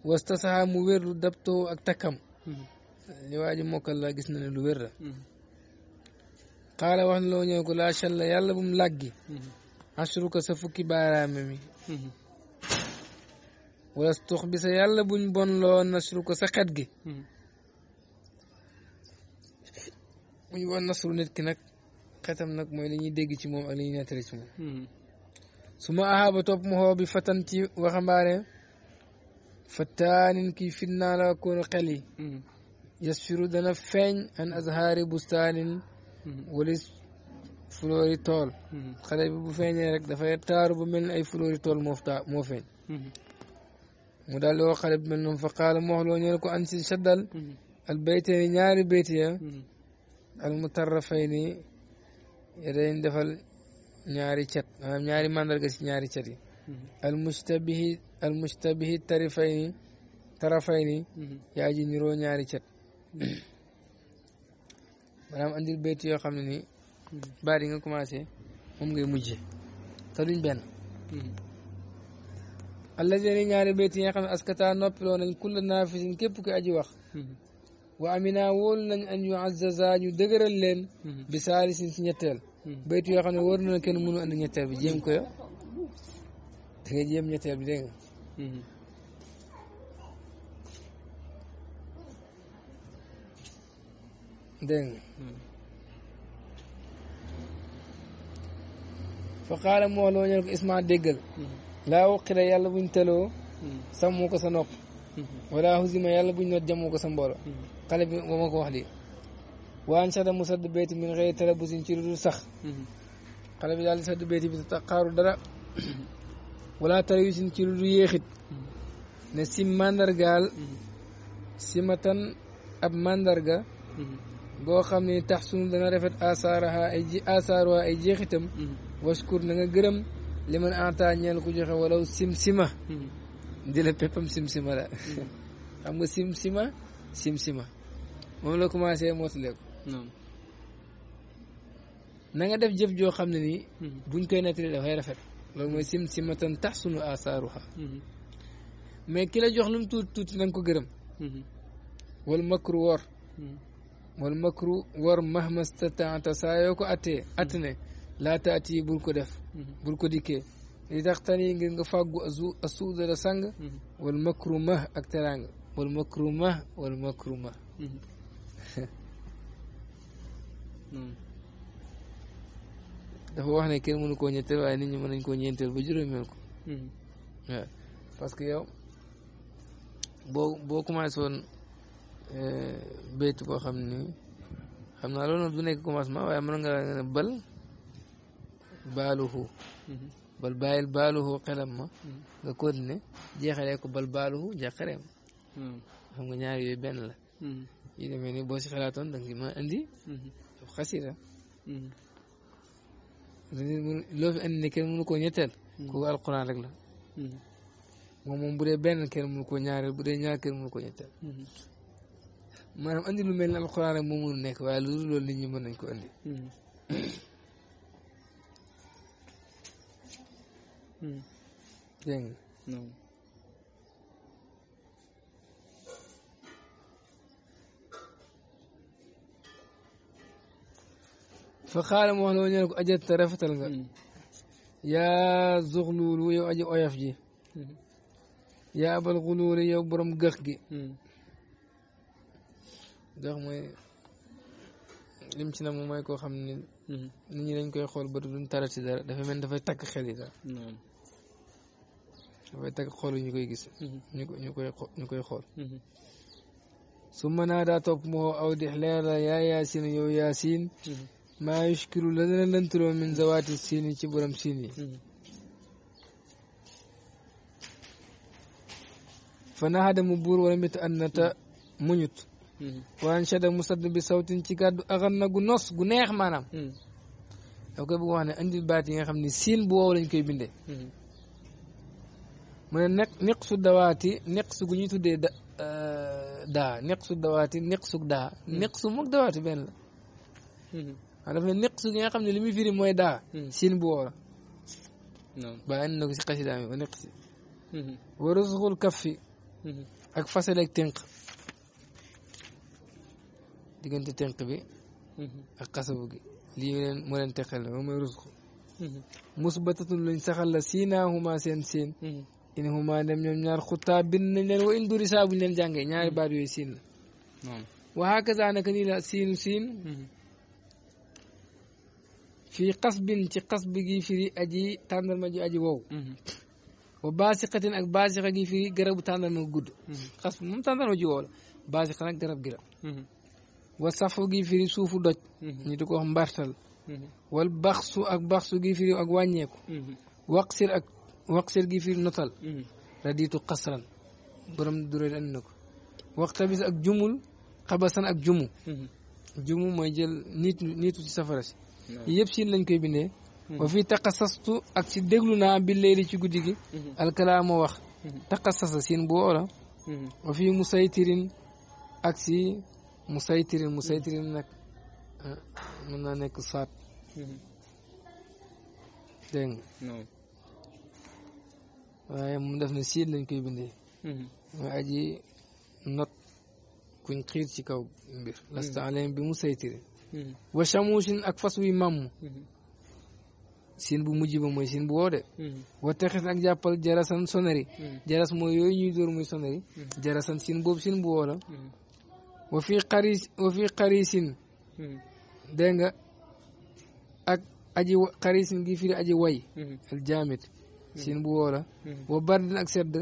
wastasaha mu wér lu ak takkam mhm. li waa ji la gis na ne lu wér la xaala mhm. wax na loo ñëw ko laa challa yàlla bu mu làggi mhm. sa fukki baaraame mi wala tux bi sa yàlla buñ bon loo nasru ko sa xet gi buñ bon nasru nit ki nag xetam nag mooy li ñuy dégg ci moom ak li ñuy ci moom su ma ahaaba topp mu xoo bi fatan ci فتان كيف النار كون قلي يسفر دنا فين ان ازهار بستان ولس فلوري تول خلي بو فين رك دا فاي تارو من اي فلوري تول موفتا موفين مدالو خلي منهم فقال مهلو نيركو انس شدل البيت نيار بيت يا المترفين يرين دفل نياري تشات نياري ماندرغ سي نياري تشات almustabihi almustabihi tarifayni tarafayni mm-hmm. yaa ji niroo ñaari cet maanaam andil béyt yoo xam ne ni mm-hmm. baat yi nga commencé moom ngay mujje te duñ benn mm-hmm. allazina ñaari béyt yi nga xam ne askata noppiloo nañ kulla naafisin képp ku aji wax wa amina wóolu nañ an yu azzaza ñu dëgëral leen bi saalisin si ñetteel béyt yoo xam ne wóor na kenn mënu bi jéem ko da ngay jéem ñetteel bi fa xaala wax loo ñëw ko isma déggal laa waqira yàlla buñ tëloo sàmmu ko sa nopp wala husima yàlla buñ not jamu ko sa mboolo xale bi ba wax lii waan sada mu sadd beyti min xëy tarabusin ci lu dul sax xale bi daal di sadd beyti bi ta xaaru dara ولا تريسن تلو يخد نسيم ماندر قال سيمتن أب ماندر قال بو خامني تحسن دنا رفت آثارها أي آثارها أي جيختم واشكر نغا غرم لمن أعطى نيال كو جخه ولو سمسمة ديلا بيبم سمسمة لا خم [laughs] سمسمة سمسمة مم لو كوماسي موت ليك نعم نغا ديف جيف جو خامني ني بوين كاي نتري دا فاي رفت loolu mooy sim si tax sunu asaaruha mhm. mais ki la jox lu mu tuuti tuuti na nga ko gërëm mhm. wal makru wor mhm. wal makru wor mahma stataata saa yoo ne laa taati yi def bul ko dikkee li tax tan yi ngir nga fàggu asuuda la sang wal makru mah ak teraanga wal makru mah wal makru mah [laughs] dafa wax ne kenn mënu ko ñetteel waaye nit ñi mën nañ koo ñeenteel ba juróomeel ko hmm. parce que yow boo boo commencé woon euh, béyt koo xam ni xam naa loolu du nekk commencement waaye mën nga ne bal baaluhu hmm. bal bàyyil baaluhu xelam ma hmm. nga continuer jeexalee ko bal baaluhu jàqareem xam nga ñaar yooyu benn la yi demee ni boo si xalaatoon da nga ma indi xasida loo fi indi kenn mënu koo ñetteel. Hmm. kooku alquran rek la. Hmm. moom moom bu dee benn kenn mënu koo ñaareel bu ñaar kenn mënu koo ñetteel. Hmm. maanaam andi lu mel ne alquran rek moo mënu nekk waaye loolu loolu nit ñi nañ ko andi. [coughs] dégg فقال مولو نيرك اجت رفتل يا زغلول يو اجي اويف جي يا ابو الغلول يو برم غخغي غخ موي لم سينا مو ماي كو خامني نيت ني نكاي خول بر دون تاراتي دار دا فمن دا فاي تاك خيلي دا نعم فاي تاك خول ني كوي غيس ني كوي ني كوي خول ثم نادى توك مو اودي حلال يا ياسين يو ياسين مم. maa yushkiru la dana lëntaloo min zawaati siin ci borom siin yi hmm. fa naxada mu buur wala mit annata muñut hmm. waan shada mu sadd bi sawtin ci kàddu axan na gu nos gu neex maanaam hmm. da koy bëgg wax ne andil baat yi nga xam ne siin bu wow lañ koy bindee mu ne neq dawaati neq gu ñuy tuddee da euh, daa neq su dawaati neq su daa neq dawaati benn la waaw dafa ne neq su nga xam ne li muy firi mooy daa hmm. siin bu woola bàyyi na ko si xasida mi ba neq si hmm. warasuxul kaf fi hmm. ak fasaleeg tënk diggante tënk bi ak xasabu gi lii leen moo leen teqal moom mooy rusxu musbatatun luñ saxal la siinaahumaa seen siin in huma dem ñoom ñaar xuttaa bind nañ leen wa induri saa buñ leen jàngee ñaari baat yooyu la wa hakaza naka nii la siinu siin fii xasbin ci xasb gi firi aji tàndarma ji aji wow mhm. wa baasiqatin ak baasiqa gi firi garabu tàndarma gudd xasb mhm. moom tàndarma ji wow la baasiqa nag garab gi mhm. wa safu gi firi suufu doj ñu di ko wax mbartal wal baxsu ak baxsu gi firi ak wàññeeku waqsir ak waqsir gi firi notal raditu xasran borom durée andi na ko waxtabis ak jumul xabasan ak jumu jumu mooy jël niitu niitu safara si yëpp siin lañ koy bindee wa fii taqasastu ak ci déglu naa bi ci guddi gi mhm. alkalaama wax mhm. taqasasa siin bu woola mhm. wa fii musaytirin ak ci musaytirin musaytirin nag eh, mën naa nekk saat dégg nga waaye moom def na siin lañ koy bindee aji not kuñ xiir ci kaw mbir lasta alayhim bi musaytirin Mm-hmm. wa chamuusin ak fas wuy màmm mm-hmm. siin bu mujj ba mooy bu woo de mm-hmm. wa texis ak jàppal jarasan sonari jaras mooy yooyu ñuy dóor muy sonari jarasan siin boobu siin bu woo wa fii xari wa fii ak aji way al jaamit bu woo la wa bardin ak sedd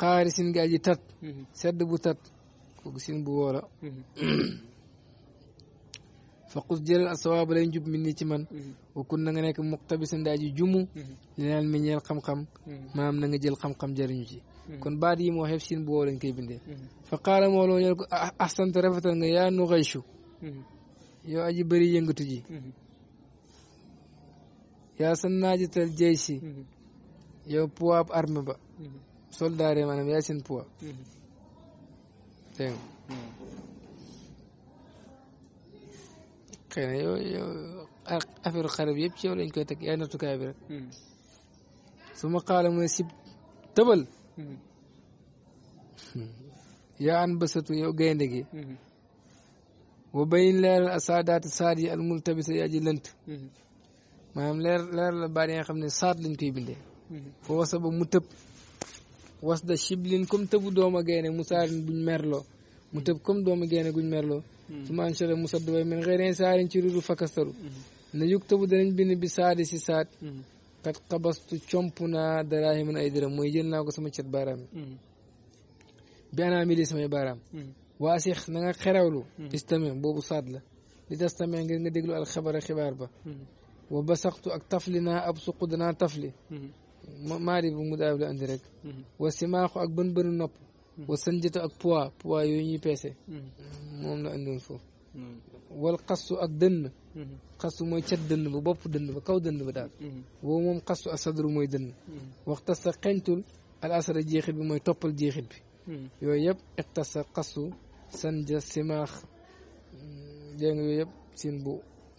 xaarisin gi aji tat sedd bu tat kooku siin bu woo [clears throat] faqus jëlal asawaaba lay njub min ci man mhm. wa kun na nga nekk muqtabisan daa ji jumu mhm. leneen mi ñeel xam-xam mhm. maanaam na nga jël xam-xam jëriñu ci kon baat yi moo xeeb siin bu woo lañ koy bindee fa qaala moo loo ñeel ko ah, ahsanta rafetal nga yaa nu yow aji bëri yëngatu ji yaa san naajatal jey si yow poids arme ba soldaare maanaam yaay خينا يو يو أيوة. أفير خراب يبكي ولا إنك تك أنا تكابر ثم قال موسى تبل يا أن بسط يو جيندي وبين لير الأسادات سادي الملتبسة يا جلنت ما هم لير لير بارين خمني سات لين كي بندي فوسب متب وسد شبلين كم تبو دوما جيني مسارن بن مرلو متب كم دوما جيني بن مرلو Hmm. suma anshara musadd way men xëyreen saarin ci rudu fakastaru hmm. na yuktabu danañ bind bi saadi si saat kat hmm. xabastu comp naa daraahiman ay dërëm mooy jël naa ko sama cet baaraam bi anaa mili samay baaraam waasix na nga xerawlu istame boobu saat la li tas tame ngir nga déglu alxabara xibaar ba wa basaxtu ak tafli naa ab suqu danaa tafli maari bu mu la andi wa simaaxu ak bën bënu wa sanjatu ak poids poids yooyu ñuy peese moom la andoon foofu wal xastu ak dënn kastu mooy cat dënn ba bopp dënn ba kaw dënn ba daal boobu moom xastu asadru mooy dënn waxtas sa xeñtul al asara jeexit bi mooy toppal jeexit bi yooyu yëpp ixtas sa xastu sanja simaax dégg nga yooyu bu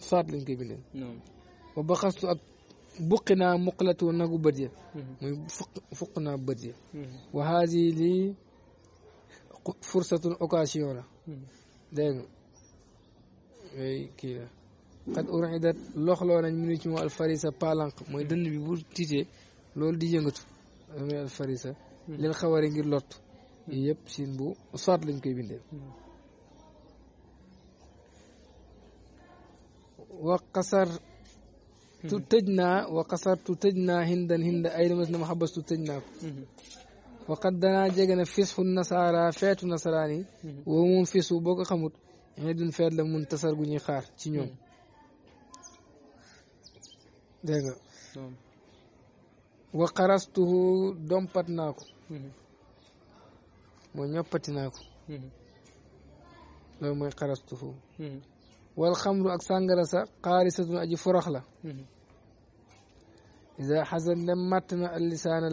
soit lañ koy bindee ba ba xastu ak buqi naa muqalatu nagu bët ya muy fuq naa bët ya wa haasi lii fursatun occasion la hmm. dégg nga yooyu kii la xat uridat loxloo nañ munu ci moo alfarisa mooy hmm. dënd bi bu tiitee loolu di yëngatu mooy alfarisa hmm. lil xawari ngir lott yii siin bu soit lañ koy bindee wa qasar tu tëj hindan hinda ay damas na ma xabas tu tëj waqat danaa jege na fisxu nasaara feetu nasaraan yi woo moom fisu boo ko xamut xëy dun feet la mun tasar ñuy xaar ci ñoom dégg nga wa xarastuhu dompat naa ko mooy ñoppati naa ko mooy xarastuhu wal xamru ak sàngara sa xaarisatun aji forox la ida xasan dem màtt na al lisaana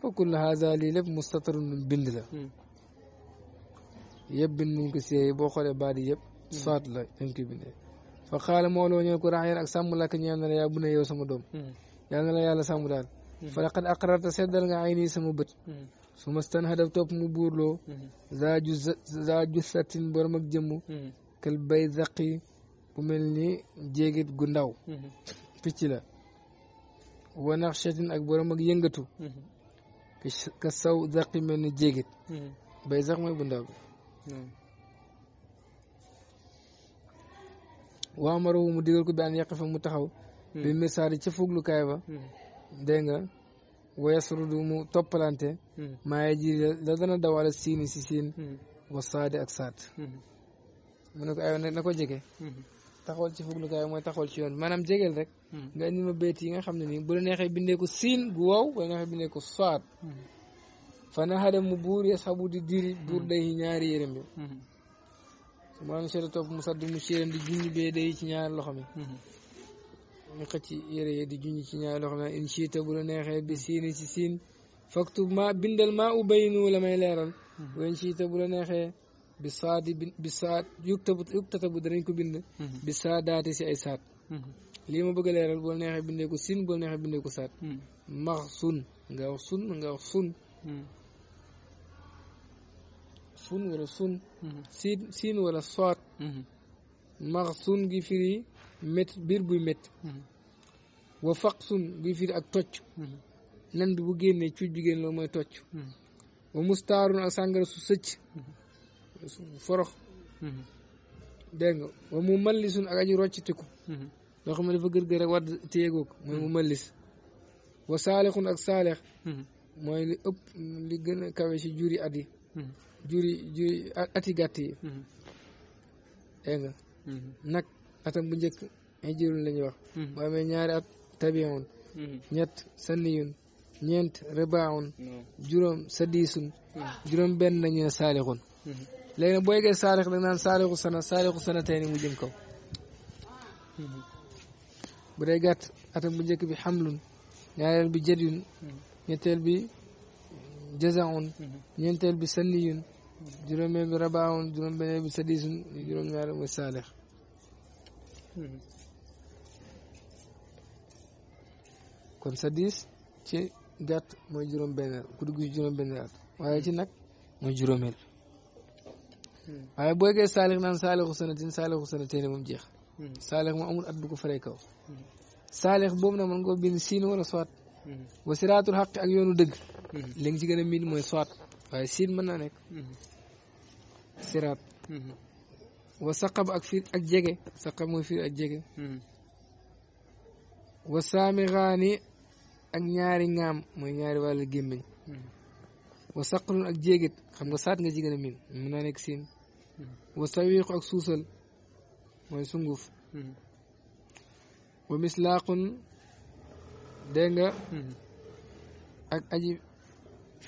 fa kullu haza lii lépp mustatarun bind la hmm. yëpp bind ko siyee boo xoolee baat yi yëpp hmm. soit la dañ fa xaala moo loo ñeen ko raxeen ak sàmm lakk ñaan na la yaa bu ne yow sama doom hmm. yal na la yàlla sàmm daal fa nga ay nii sama bët su hadaf topp mu buurloo zaaju zaaju sattin borom ak jëmm zaqi bu mel ni jéegit gu ndaw picc la wa ak borom ak yëngatu ka saw zaqi mel ni jéegit hmm. bay sax mooy bu bi hmm. waa marawu mu digal ko bi an yàq fa mu taxaw hmm. bi misaari ca fuglukaay ba dégg nga wayasrudu mu toppalante maaye ji la dana dawala siini si siin wa ak saat mu ne ko ay taxawal ci fuglukaay mooy taxawal ci yoon bi maanaam jegeel rek hmm. nga indi ma béyt yi nga xam ne nii bu la neexee bindee ko siin gu wow bu la neexee bindee ko soit hmm. fanaxare mu buur yasxabu di diri buur hmm. day ñaari yérém bi maanaam seeta topp mu sadd mu séeram di junñi bee day ci ñaari loxo mi ñu xëcc yére yi di junñi ci ñaari loxo mi in siita bu la neexee bi siini ci siin faktub ma bindal ma ubaynu la may leeral in siita bu la neexee bi saadi bi saad yuktabu yuktatabu danañ ko bind mhm. bi saadaati si ay saat mhm. lii ma bëgg a leeral boo neexee bindee ko sin boo neexee bindee ko saat mhm. max sun nga wax sun nga siin siin wala soit max sun gi firi mét biir buy mét wa faq sun gi firi ak tocc nan bi bu génnee cuuj bi génn loolu mooy tocc wa mustaarun ak sàngara su sëcc forox mhm. dégg nga wa mu mallisun ak aji roccitiku mhm. loo xam ne dafa gër gër rek wadd téyegoog mooy mu mhm. mallis wa saalixun ak saalix mooy li ëpp li gën a kawe si juri at yi juri juri ati gàtt yi dégg nag atam bu njëkk ay jirun la wax boo amee ñaari at tabiyoon ñett sanniyun ñeent ribaawun juróom sadiisun juróom benn nañu ne léegi nag boo yeggee saarix da nga naan saarixu sana saarixu sana tey ni mu jëm kaw bu dee gàtt atam bu njëkk bi xamlun ñaareel bi jëdun ñetteel bi jazaun ñeenteel bi sanniyun juróomeel bi rabaun juróom-beneel bi sadisun juróom-ñaareel mooy saalix kon sadis ci gàtt mooy juróom-beneel ku dugg ci juróom-beneel at waaye ci nag mooy juróomeel waaye boo gee saalix naan saalixu sanatin saalixu sanatin moom jeex hmm. saalix moom amul at bu ko faree kaw hmm. saalix boobu nag mën nga bind siin wala soit hmm. wa siraatul xaq ak yoonu dëgg li nga ci miin mooy soit waaye siin mën naa nekk siraat wa saqab ak fiir ak jege saqab mooy fiir ak jege wa saamixaani ak ñaari ŋaam mooy ñaari wàllu gémmiñ wa saqalun ak jéegit xam nga saat nga jigéen a miin mën naa nekk siin wa sawiqu ak suusal mooy sunguf wa mislaaqun dégg nga ak aji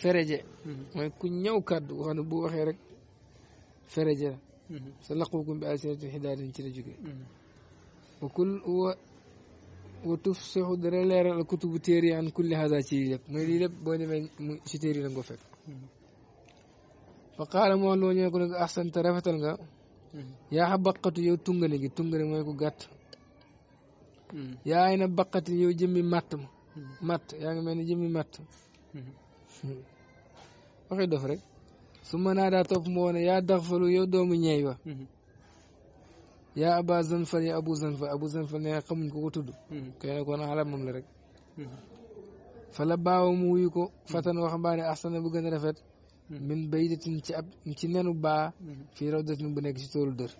fereje mooy ku ñaw kàddu wax ne bu waxee rek fereje la sa laqukum bi alsinatin xidaadin ci la jóge wa kul wa wa tufsihu dara al kutubu téere an kulli hada ci lii lépp mooy lii lépp ci téere yi la fa qaala mu wax loo ñëwee ko nag axsanta rafetal nga mm-hmm. yaa xa yow tungane gi tungane mooy ku gàtt mm-hmm. yaa ay na yow jëmmi matt mm-hmm. matt yaa ngi mel ni jëmmi matt waxi dof rek su naa daa topp moo ne yaa daxfalu yow doomu ñeey wa yaa aba zanfal ya abu zanfal abu zanfal ne ko ko tudd kay kon arab moom rek فلا مويكو فتن وخمباني أحسن بغن رفت من بيدة تنشاب تنين با في روضة نبنك ستول در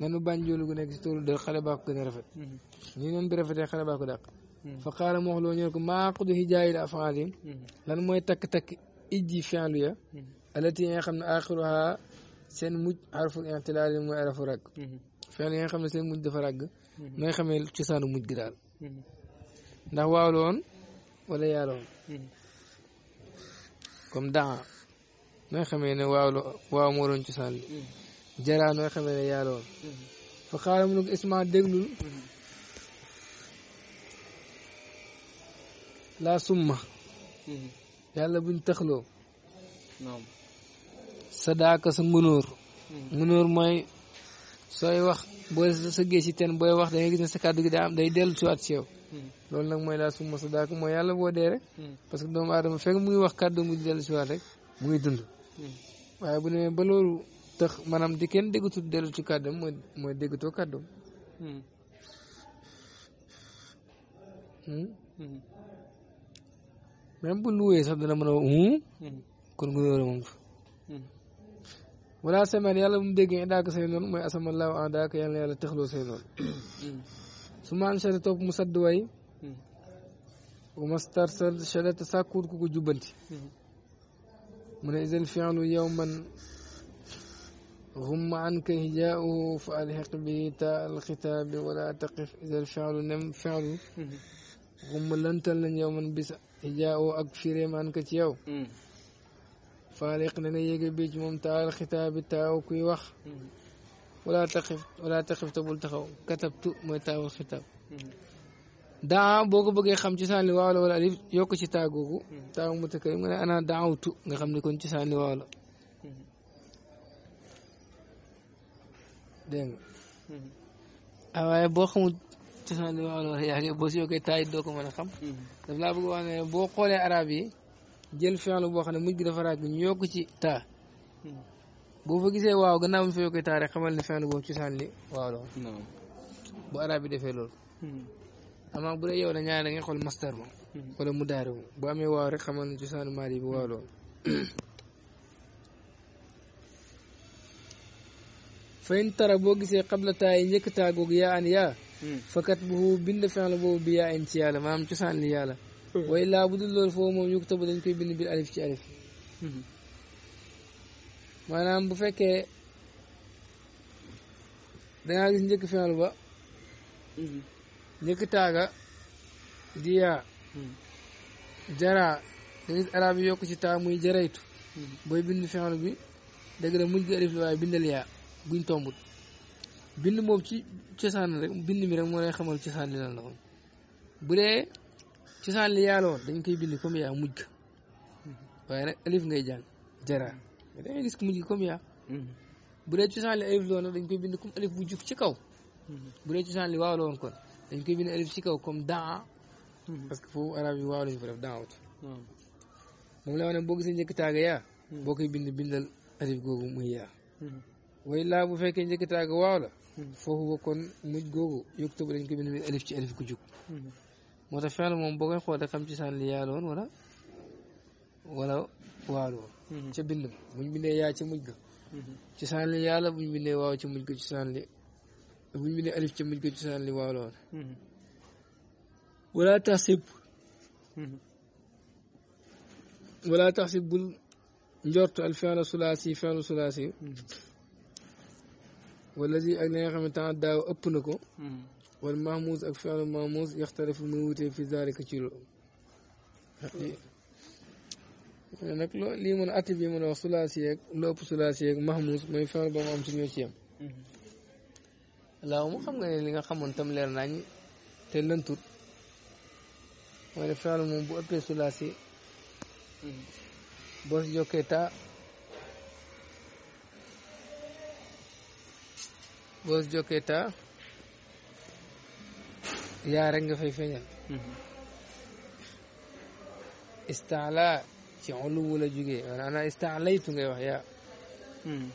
نانو بانجو لغنك ستول در خلباك بغن رفت نينان برفت خلباك داك فقال مهلو نيوكو ما قد هجاي الأفعالين لن موي تك تك إجي فعلويا التي يخم آخرها سن مج عرفو انتلالي مو عرفو رك فعلي يخم سن مج دفرق ما يخم يلو تسانو نحوالون wala yaaroon hmm. comme daa nooy xamee ne waaw waaw moo doon hmm. jaraa nooy xamee ne yaaroon hmm. fa xaaral mu ne ko laa summa yàlla buñ taxloo sa daaka sa mënóor mënóor mooy sooy wax boo sëggee si teen booy wax da ngay gis ne sa kàddu gi daa day dellu si waat si Hmm. loolu nag mooy laa summa sadaaka mooy yàlla boo dee rek hmm. parce que doomu aadama fekk mu ngi wax kàddu mu dellu si waat rek mu ngi dund hmm. waaye bu demee ba loolu tax maanaam di kenn déggatul dellu ci kàddam mooy mooy déggatoo kàddam même bu mën a kon nga yore moom yàlla bu mu déggee indaaka say noonu mooy asama laaw andaaka yàlla yàlla texloo say noonu suma ansata topp mu sadd way wa hmm. mastarsal shalata sàkkuut ku ko jubbanti hmm. mu ne isal fi'lu yawman غم عنك هجاؤه فألحق به تاء الختاب ولا تقف إذا الفعل نم فعل غم لن تلن يوما بس هجاؤه أكفر عنك تياو فألحق لن يجي بيج مم تاء تاء كي وخ wala taqif wala bul taxaw katabtu mooy taawul xitaab hmm. daa boo ko bëggee xam ci saan li waaw la wala alif yokk ci taa googu hmm. taawu mutakalim nga ne ana ci saan li waaw la hmm. dégg nga ah, waaye boo si yokkee taa it doo ko mën a xam daf laa bëgg wax ne boo xoolee arab yi jël fi'lu boo xam mujj gi dafa raag ñu yokk ci taa boo fa gisee waaw gannaaw mu fi koy taarix xamal ne fenn boobu cosaan li waaw la bu arab bi defee loolu hmm. amaa bu dee yow la ñaari da ngay xool mastar ma hmm. wala mu daari bu amee waaw rek xamal ne cosaanu maadi bi waaw loolu [coughs] boo gisee xabla taa yi njëkk taa googu yaa an hmm. bu bind fenn boobu bi yaa in ci yàlla maanaam cosaan li yàlla way laa bu dul loolu foofu moom yuktabu dañ koy bind bir alif ci alif maanaam bu fekkee dangaa gis njëkk final ba mhm. njëkk taaga diyaa mhm. jaraa nga gis arab yi yokk ci taa muy jaraytu mhm. booy bind final bi dëgg la mujj gi alif la waaye bindal yaa buñ tombut bind moom ci cosaan rek bind mi rek moo lay xamal cosaan li lan yaa la woon dañ koy bind comme yaa mujj waaye nag ngay jàng jaraa mais da mm-hmm. bu dee cosaan li alif dañ koy bind comme alif bu jug ci kaw. Mm-hmm. bu dee cosaan li waaw la woon kon dañ koy bind alif ci kaw comme daa. Mm-hmm. parce que foofu arab yi waaw la ñu fa def daawut. moom la ma boo gisee njëkk taaga yaa. boo koy bind bindal alif googu muy yaa. way laa bu fekkee njëkk taaga waaw la. foofu ba kon mujj googu yokkutu dañ koy bind bi alif ci alif ku jug. moo tax fenn moom boo koy xool rek ci cosaan li yaa la woon wala waaw la Mm-hmm. ca bind buñ bindee yaa ca mujj ga mm-hmm. ci saan li yàlla buñ bindee waaw ca mujj ga ci saan li buñ bindee alif ca mujj ga ci saan li waaw la woon mm-hmm. wala taxsib wala taxsib bul njort al fi'lu sulaasi fi'lu sulaasi wala si ak li nga xam ne daaw ëpp na ko wala mahmuus ak fi'lu mahmuus yaxtalifu muy wutee fi zaalika ci loolu ne lo loo mun ati bi mun sulasi ak sulaasi sulasi ak mahmous moy yeeg bo am ci ñoo ci am mm-hmm. laaw mu xam nga li nga xamone tam leer nañ te lëntut moy le fexe mu bu uppe sulasi mm-hmm. bo si ta bo boo ta ya rek nga fay feñal mm-hmm. istala ci uluwu la jógee wala ana istaalaytu ngay wax yaa hmm.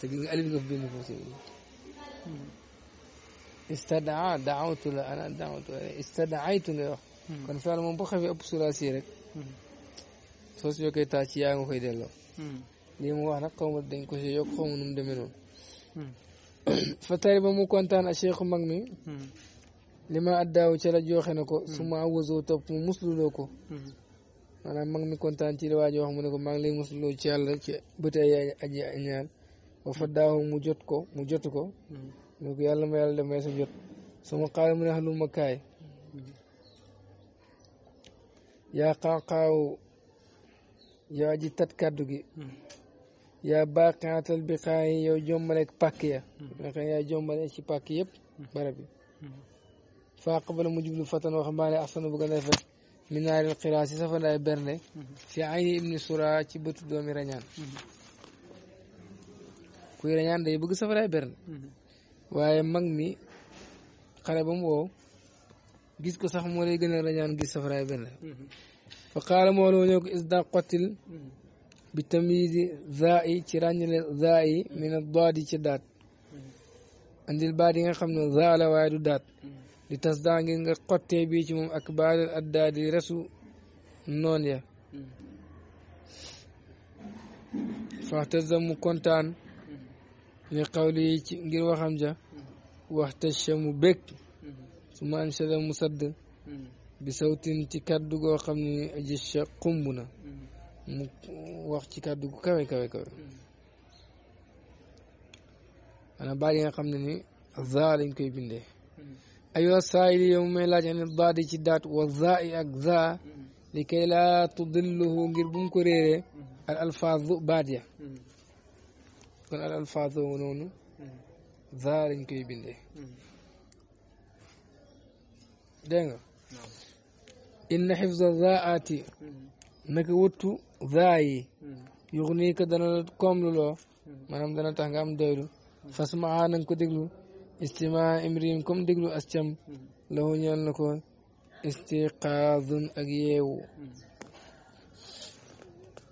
te gis nga alif nga fi bind foofu si hmm. istadaa daawtu la ana daawtu istadaaytu ngay wax hmm. kon fiil moom bu xefee ëpp sulaasi rek soo si yokkee taa ci yaa nga koy delloo lii mu wax nag xaw ma dañ ko si yokk xaw ma nu mu demee noonu [coughs] fa tari ba mu kontaan a cheikhu mag mi li ma addaaw ca la joxe na ko su ma awasoo topp mu musluloo ko manam mag mi kontan ci waa wax mu ne ko maa ngi lay musuloo ci yalla ci bët ya aji ñaan wa fa mu jot ko mu jot ko mu ne ko yalla ma yàlla damay sa jot suma xaal mu ne halu kaay ya qaqaw ya ji tat kaddu gi ya baqatal bi yow yow jombaleek pàkk ya ndaxa ya jombale ci pàkk yeb barab fa qabala mu fatan wa waxambaane axsana bu minaaril xiraas safandaay bernde fi ayni ibni sura ci bëtu doomi rañaan kuy rañaan day bëgg safandaay bernde waaye mag mi xale ba mu woow gis ko sax moo lay gën a rañaan gis safandaay bernde fa qaala moo loo ñëw ko is daa qottil bi tamyiizi zaa ci ràññale zaa min ad daad ci daat andil baat yi nga xam ne zaa waaye du daat li tas daa ngir nga xottee bii ci moom ak baalal addaa di resu noon ya faxtasa mu kontaan li xawli yi ci waxam ja waxtasa mu bég su ma am sada mu sadd bi sawtin ci kàddu goo xam ne aji sa wax ci kàddu gu kawe kawe kawe ana baat yi nga xam ne ni zaa lañ koy bindee aywa saayil yow may laaj an daadi ci daat wa zaa i ak zaa li kay laa tudilluhu ngir bu mu ko réeree al alfaazu baat ya kon al alfaazu noonu zaa lañ koy bindee dégg nga inna xifza zaati naka wëttu zaa yi yuxniika dana la koomluloo maanaam dana tax nga am doylu fasmaa na nga ko déglu استماع امرين كم دقلو استم له نيان لكو استيقاظ اجيو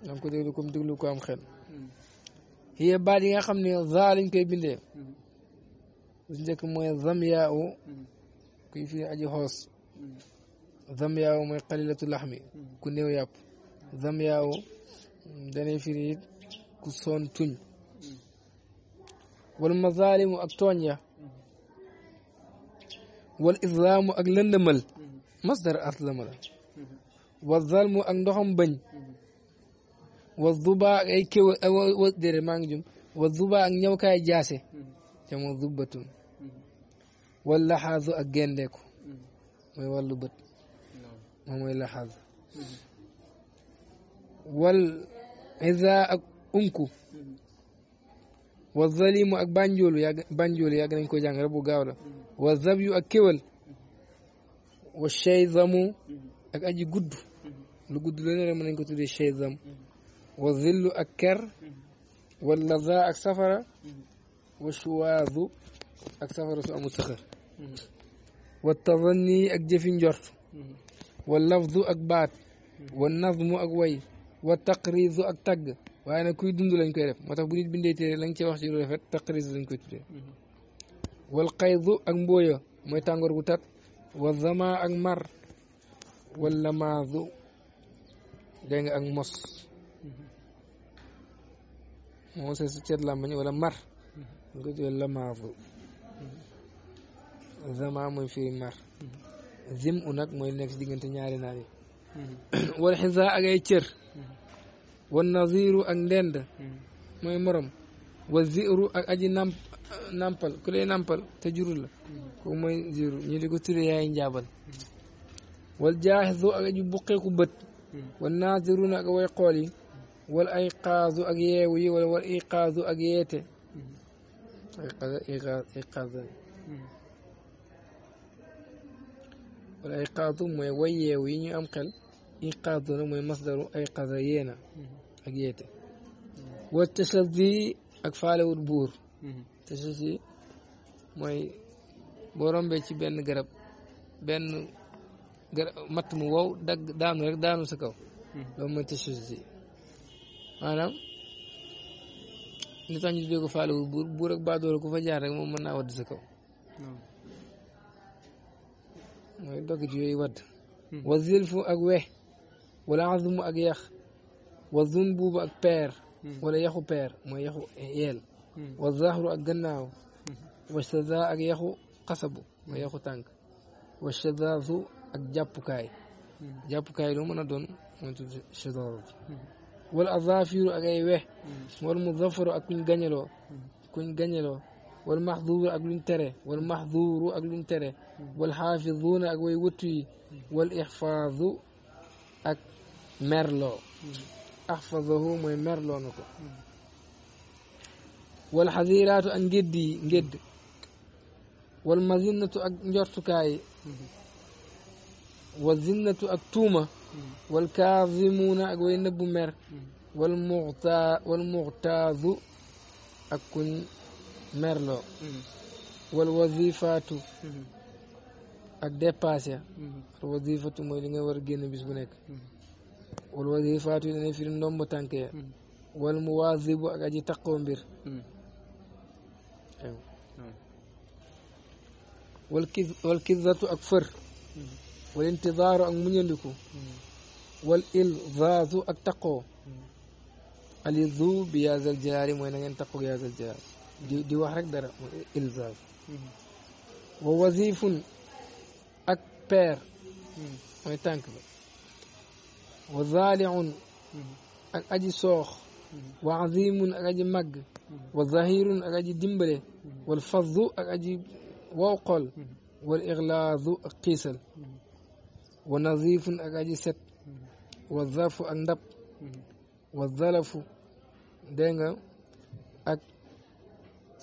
نكو دقلو كم دقلو كام خير هي بعد يا خمني ظالم كي بندي وزنجك موي ظمياء كي في اجي هوس ظمياء موي قليلة اللحم كنيو ياب ظمياء داني فريد كسون تون والمظالم اكتونيا wal islaamu ak lëndëmal masdar aslama la wa zalmu ak ndoxam bañ wal zuba ak ay kéw wa dére maa jum wal zuba ak ñawkaay jaase jamoo zubatun wal laxaazu ak gendeeku mooy wàllu bët moom mooy laxaazu wal iza ak unku wa zalimu ak bànjoolu yàgg bànjoolu yàgg nañ ko jàng rab bu gaaw la wa zabyu ak kéwal wa shayzamu ak aji gudd lu gudd la ne rek mën nañ ko tuddee shayzam wa zillu ak ker wa laza ak safara wa shuwaazu ak safara su amul saxar wa tavanni ak jëfi njort wa lafzu ak baat wa nazmu ak way wa taqrizu ak tagg waaye nag kuy dundu lañ koy def moo tax bu nit bindee téere la nga cee wax ci lu rafet taqris koy tuddee mhm. wal xaydu ak mbooyo mooy tàngoor gu tat wa zama ak mar wala maadu dégg nga ak mos mhm. mose si ceet làmbañ wala mar ñu mhm. ko tuddee mooy firi mar zim u nag mooy nekk si diggante ñaari naar yi [clears throat] wala ak ay cër wa naziru ak ndend hmm. mooy morom wa ziru ak aji namp nampal ku nampal te jurul la hmm. kooku mooy ziru ñu di ko tuddee yaay hmm. wal jaaxisu ak aji buqeeku bët wa naaziruna ak way xool yi wal ay qaazu ak yeewu wal ay qaazu ak yeete wala ay qaazu mooy way yeewu yi ñu am xel inqaadu nag mooy masdaru ay qada yéena ak yéete wa tashaddi ak faalewut buur tashaddi mooy boo rombee ci benn garab benn garab matt mu wow dagg daanu rek daanu sa kaw loolu mooy tashaddi maanaam li tax ñu tuddee ko faalewut buur buur ak baadoolo ku fa jaar moom mën naa wadd sa kaw mooy dogg ji yooyu wadd wa zilfu ak we ولا عظم أك يخ والذنب أك بير ولا يخو بير ما يخو إيل والظاهر أك جناو والشذا أك يخو قصبو ما يخو تانك والشذاذ أك جابوكاي جابوكاي لو منا دون منتو شذاذ والأظافير أك يوه والمظفر أك من جنلو كن جنلو والمحظور أقول ترى والمحظور أقول ترى والحافظون أقول يوتي والإحفاظ أك merlo ahfazahu mooy merlo na ko wal xadiraatu ak ngédd yi ngédd wal mazinnatu ak njortukaay wal zinnatu ak tuuma wal kaazimuuna ak way nëbbu mer wal muxta wal muxtaazu ak kuñ merloo wal wazifaatu ak dépassé wazifatu mooy li nga war génn bis bu nekk والوزير فاتو يدني في النوم تانكي والمواظب أجي تقوم بير أيوه. والكذ والكذة أكفر والانتظار أمنيلكو والإلذاذ أكتقو الذو بياز الجلال وين أن تقو بياز الجلال دي دي واحد درا إلذاذ ووظيف أكبر وين تانكبر وظالع أجي صوخ وعظيم أجي مج وظهير أجي دمبلي والفظ أجي ووقل والإغلاظ قيسل ونظيف أجي ست والظاف أندب والظلف دينغ أك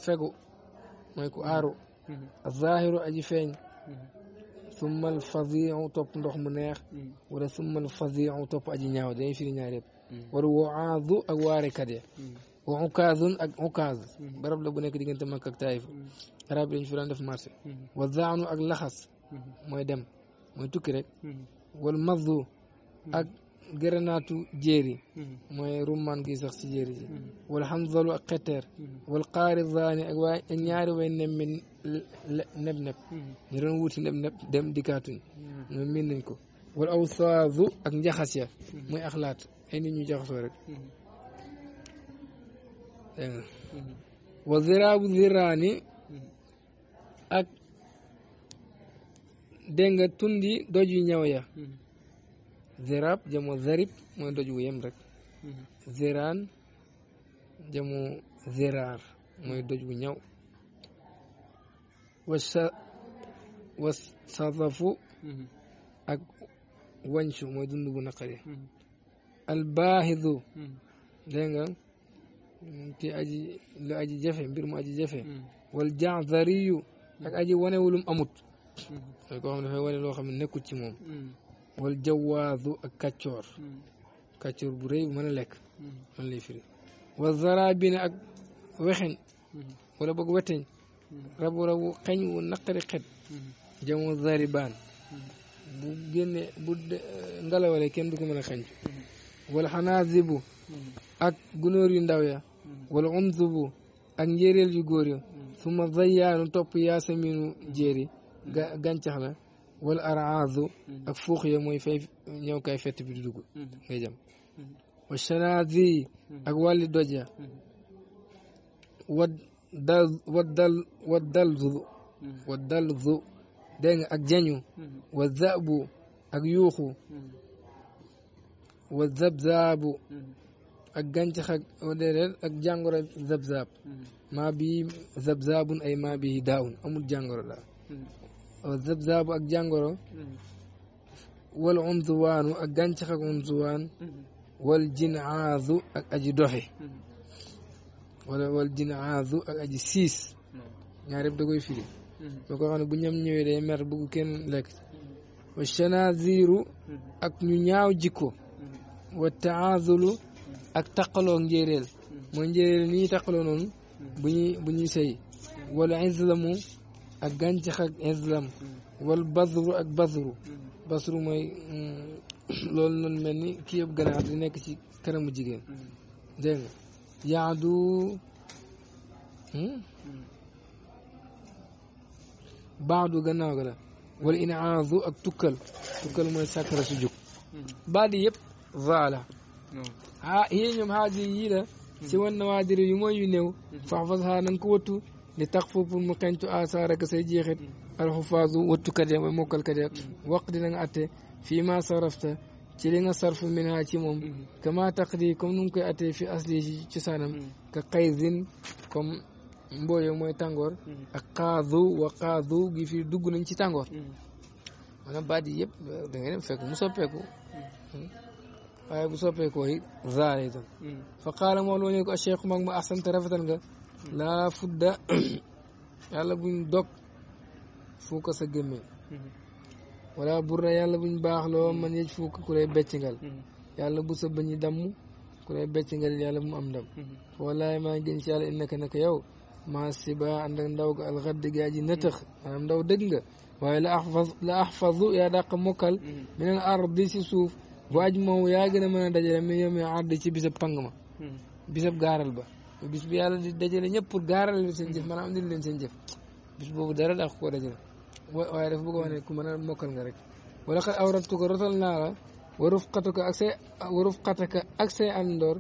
فقو ما يكو آرو الظاهر أجي فين ثم الفظيع توب ندوخ منيخ ولا ثم الفظيع توب اجي نياو داي في نياو ريب ورواعظ اواريك دي وعكاز عكاز برب لا بو نيك ديغنت ماك اك تايف راب لي نفران داف مارسي وذعن اك لخص موي دم موي توكي ريك والمض اك gërënaatu jéeri hmm. mooy rumman gi sax ci jéeri ji hmm. wal hamzalu ak xetteer hmm. wal xaari ak ñaari way nemmi neb neb neb neb dem dikkaatuñ ñoom ko wal awsaazu ak njaxas ya muy axlaat ay nit jaxasoo rek wa ziraabu ziraani ak dégg nga tundi doj ñaw ya zérab jamoo zarib mooy doj wu yem rek zéraan jamoo zéraar mooy doj wu ñaw wasa was sadafu ak wancu mooy dund bu naqari albaahidu dégg nga ki aji lu aji jafe mbir mu aji jafe wal jaazariyu ak aji wanewulum amut mooy koo xam dafay wane loo xam ne nekkut ci moom wal jawaazu ak kàccoor hmm. kàccoor bu rëy bu mën a lekk man hmm. lay firi wal zarabina ak wexeñ hmm. wala boog weteñ rabu rabu xeñ wu naqari xet jamoo zaribaan bu génne bu eh, ngelawale kenn du mën a xeñ wala xanaazibu ak gunóor yu ndaw ya wala umzubu ak njéeréel yu góor ya su ma zayaanu topp yaasaminu jéeri gàncax la wala araadu ak fuux ya mooy fay ñëw kay fett bi di dugg ngay jëm wa shanaadi ak wàlli doj ya wa dal wa dal wa dalzu wa dalzu dégg nga ak jañu wa zabu ak yuuxu wa zabzaabu ak gàncax ak déedéet ak jàngoro zabzaab maa bii zabzaabun ay maa bii daawun amul jàngoro la zabzaabu ak jàngoro mm-hmm. wal umzuwaanu ak gàncax ak umzuwaan mm-hmm. wal jinaazu ak aji doxi mm-hmm. wala wal jinaazu ak aji siis ñaar yëpp da firi lu ko xam bu ñam ñëwee day mer bugg kenn lekk wa chanaziru ak ñu ñaaw jikko wa taazulu ak taqaloo njéeréel mooy njéeréel ni ñuy noonu bu ñuy bu ñuy sëy ak gàncax ak islam wal basru ak basru basru mooy mm, [coughs] loolu noonu mel ni kii yëpp ganaar di nekk ci kanamu jigéen dégg nga yaadu hmm? baadu gannaaw ga la wala inaadu ak tukkal tukkal mooy sàkkara su jóg baadi yëpp vaala hmm. ah yéen ñoom xaaji yii la si hmm. wan na waajiri yu mooy yu néew faxfas xaa na nga ko wattu li tax foofu pour mu xeñtu asaara ka say jeexit alxufaasu wattukat ya mooy mokkalkat ya waq dina nga atte fii ma sarafta ci li nga sarfu minaa ci moom kama taqdi comme nu ngi koy attee fi asli ci cosaanam ka xayzin comme mbooyo mooy tàngoor ak xaazu wa xaazu gi fii dugg nañ ci tàngoor maanaam baat yi yëpp da ngay dem fekk mu soppeeku waaye bu soppeekoo yi zaale itam fa qaala moo loo ne ko a cheikh mag ma axsanta rafetal nga laa fudda [coughs] yàlla buñ dog fuuka sa gémmiñ mm-hmm. wala burra yàlla buñ baax loo man yëj fuuk ku lay beccingal mm-hmm. yàlla bu sa bañi damm ku lay beccingal yàlla bu mu am ndam mm-hmm. walaay maa gën ci yàlla innaka naka yow maa siba ànd ak ndaw ga alxadd gi nëtëx maanaam ndaw dëgg nga waaye la axfaz la axfazu yaa dàq mokkal minal ardi si suuf bu aj moom yaa gën a mën a dajale mi yomee ardi ci bisab pang ma bisab gaaral ba bis bi yàlla di dajale ñëpp pour gaaral leen seen jëf maanaam andil leen seen jëf bis boobu dara daa ko dajale waaye dafa bëgg wax ku mën a mokkal nga rek wala xat ko rotal naa la wa rufqatuka ak say wa rufqataka ak say àndoor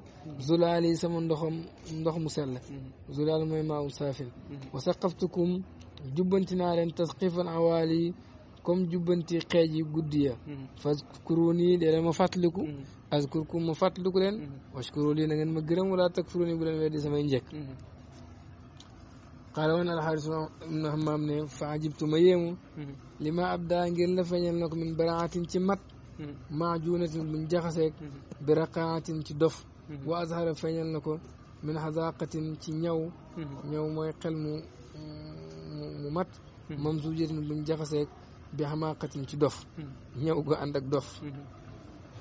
zulaal yi sama ndoxam ndox mu sell zulaal mooy maawu saafin wa saqaftukum jubbanti naa leen tasqifan awaal yi comme jubbanti xeej yi guddi ya fas kuruun yi dee ma fàttaliku askurkum ma fàttaliku leen mhm. washkuru lii na ngeen ma gërëm wala takfuruni bu leen weddi samay njëkk xaala mhm. woon alxaaris ibnu xamaam ne fa ajibtu ma yéemu mhm. li ma ab daa ngir la feeñal na ko min baraatin ci mat maajuunatin buñ jaxaseeg bi raqaatin ci dof wa azhara feeñal na ko min xadaaqatin ci ñaw ñaw mooy xel mu mu mat mamsuujatin buñ jaxaseeg bi xamaaqatin ci dof ñaw gu ànd ak dof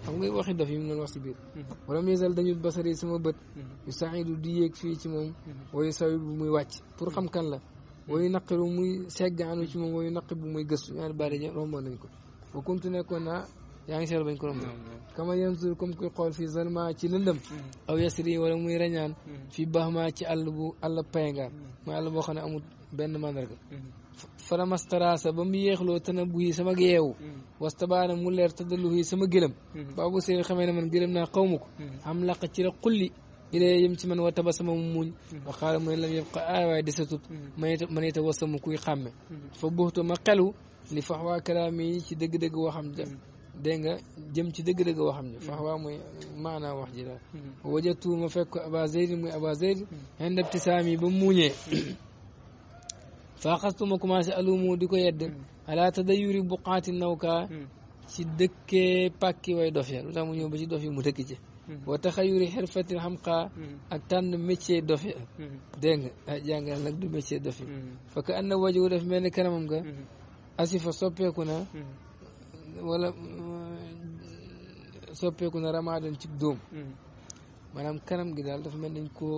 xam nga waxi daf a mu doon wax si biir mhm. wala mu yesal dañu basari sama bët mhm. yu saxidu di yéeg fii ci mhm. wayu sawi bu muy wàcc pour xam kan la wayu naqiru muy seggaanu ci moom wayu naqi bu muy gëstu ñaari bari romboon nañ ko ba kuntu nekkoon naa yaa ngi seetlu bañ ko romboon kama yanzur comme kuy xool fii zalma ci lëndëm aw yasri wala muy rañaan fii baax ma ci àll bu àll payngaar mooy àll boo xam benn mandarga falamastara sa ba mu yéexloo tana bu yi sama yeewu wastabaana mu leer taddalu yi sama gëlëm baabu seen xamee ne man gëlëm naa xaw ma ko am laqa ci la xulli ilay yëm ci man wa taba sama muñ wa xaala mu ne lam yëpp ay waay man ita wasamu kuy xàmme fa buxtu ma xelu li fax waa ci dëgg-dëgg waxam ja dégg nga jëm ci dëgg-dëgg waxam ja fax waa mooy wax ji wajatu ma fekk aba zeyd muy aba zeyd xen dabtisaam fa xastuma commencé alumu di ko yedd hmm. ala tadayuri buqaati nawka hmm. ci dëkkee pàkki way dof ya lu tax mu ñëw ba ci dof yi mu dëkk ci hmm. wa taxayuri xirfatin xamqa ak tànn métier dof ya dégg nga ah, jàngal nag du fa ka anna wajuhu daf mel ni kanamam ga asifa soppeeku na wala soppeeku ramaadan ci dóom maanaam kanam gi daal dafa mel nañ koo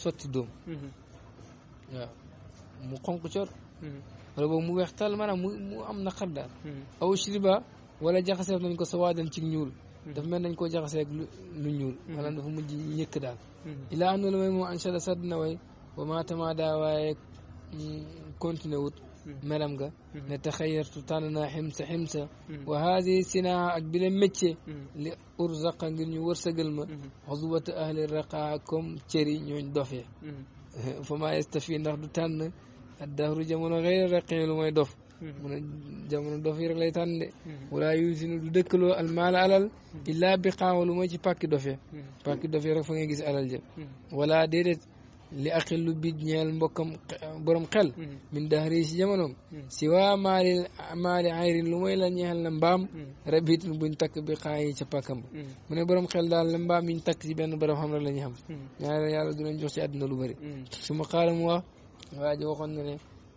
sotti dóom mu xonq cor wala boobu mu weex tal maanaam mu am naqar daal aw shriba wala jaxasee nañ ko sawaadan ci ñuul dafa mel nañ koo jaxasee ak lu ñuul maanaam dafa mujj ñëkk daal ilaa andoona may moom anshada sadd na way wa maa tamaada waaye continué wut melam ga ne taxayartu tànn naa ximsa ximsa wa haadi sinaa ak bi la métier li urzaqa ngir ñu wërsëgal ma xusubata ahli raqa comme cëri ñooñ dofe fa maa yastafi ndax du tànn الدهر جمعنا غير رقيع لما يدف من جمعنا دفير لا يتاند ولا يوزن دكلو المال على إلا بقاء ولما يجي باكي دفير باكي دفير رفعنا يجيس على الجب ولا ديرت لأقل بيدنيا المبكم برم قل من دهريش جمعنا سوى مال مال عير لما يلنيها اللمبام ربيت نبنتك بقاء يجي من برم قل دال اللمبام ينتك زبان برم حمر لنيهم يعني يعني دولان جوسي أدنى لمري ثم قال waa ji waxoon na ne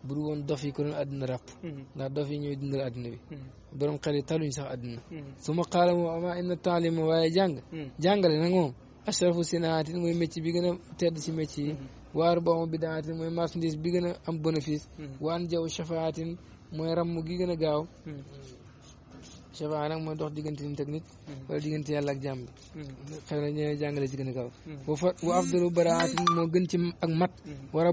buru woon dof yi ko doon àddina ràpp hmm. ndax dof yi ñooy dundal àddina bi hmm. borom xel yi taluñ sax àddina hmm. su ma xaala moom amaa inna taalima waaye jàng jàngale nag moom ashrafu sinaatin mooy mécc bi gën a tedd si mécc waar boobu bidaatin mooy marchandise bi gën a am bénéfice waan jaw shafaatin mooy ramm gi gën a gaaw Cheba nag mooy dox diggante nit ak nit. Mm-hmm. wala diggante yàlla ak jàmm bi. Mm-hmm. xëy na ñooy jàngale ci gën a kaw. bu mm-hmm. fa bu afdalu baraatin moo gën ci ak mat. wa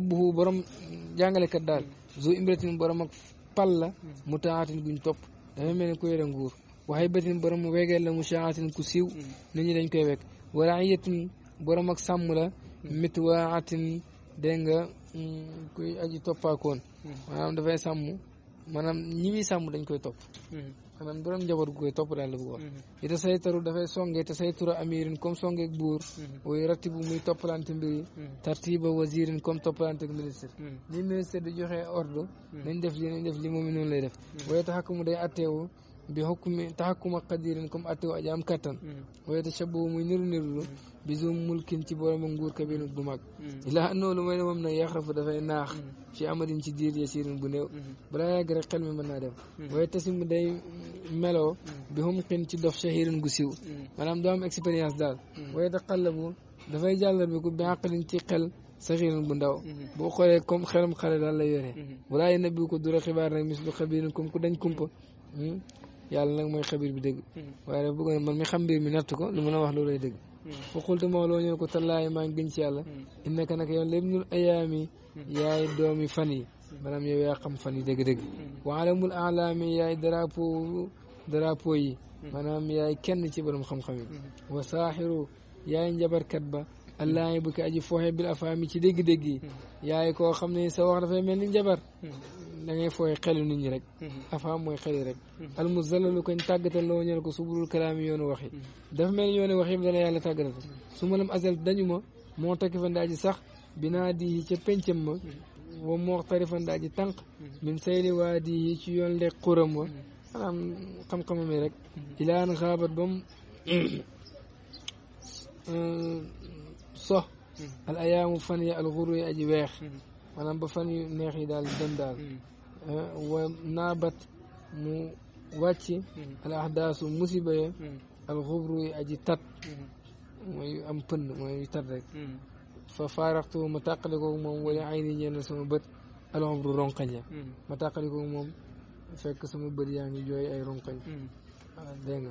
daal. zu imratin borom ak pal la. mutaatin guñ topp dafa mel ni ku yore nguur. waxay batin borom wegeel la mushaatin ku siiw. nit ñi dañ koy wekk. wala ayatin borom ak sàmm la. mitwaatin mm, dafay sàmm maanaam ñi muy dañ koy topp. maanaam borom njaboot gu koy topp daal la bëgg wax mm-hmm. yi te saytaru dafay songe te saytura amirin comme songe buur mm-hmm. way ratibu muy toppalante mbir yi mm-hmm. tartiba wasirin comme toppalante ak ministre ni ministre di joxe ordre nañ def li nañ def li moom i noonu lay def waaye tax ak mu day atteewu bi xukkumi taxakkuma qadirin comme atteewu ajaam kattan waaye te shabu muy niru niru بزوم ملك انت بور من غور كبير دماغ الا انه لو ما من يخرف دا فاي ناخ شي امد انت دير ياسير بنيو بلا غير خلم من نادم وي تسم داي ملو بهم كن تي دوف شهير غسيو مانام دوم اكسبيريانس دال وي تقلبو دا فاي جالر بي كو باقل انت خل صغير بنداو بو خوري كوم خرم خري دال لا يوري ولا ينبي كو دور خبار نك مسلو خبيركم كو دنج كومبا يالا نك موي خبير بي دغ واي بوغ من مي خمبير مي نات كو لو مانا واخ لولاي دغ fa hmm. xultu mawloo ñëw ko tallaayi maa ngi gën ci yàlla hmm. innaka nag yow lépp nul ayaami hmm. yaay doomi fan yi maanaam yow yaa xam fan yi dëgg-dëgg wa alamul alaami yaay drapeau drapeau yi maanaam yaay kenn ci borom xam-xam yi wa saaxiru yaay njabarkat ba allahi bu ko aji fooxe bil afaami ci dégg-dégg yi yaay koo xam ne sa wax dafay mel ni njabar da ngay fooy xelu nit ñi rek afaam mooy xel yi rek almuzallalu koñ tàggataloo ñel ko subulul kalaam yoonu wax yi dafa mel ni yoonu wax yi dana yàlla tàggatal su ma lam azal dañu ma moo takki fa ndaa ji sax binaa di yi ca péncam ma wa moo tari fa ndaa ji tànq min sayli waa di yi ci yoon lekk xuram wa maanaam xam-xamam yi rek ilaan xaabat ba mu sox al ayaamu fan yi al xuru yi aji weex maanaam ba fan yu neex yi daal dem daal Eh, wa naabat mu wàcc mm-hmm. al ahdaasu musiba ya mm-hmm. al xubru yi aji tat mm-hmm. mooy am pënd mooy tat rek fa faaraxtu ma tàqalikooku moom wala ay ni ñeen sama bët al xubru ronkañ ya ma tàqalikooku moom fekk sama bët yaa ngi jooy ay ronkañ dégg nga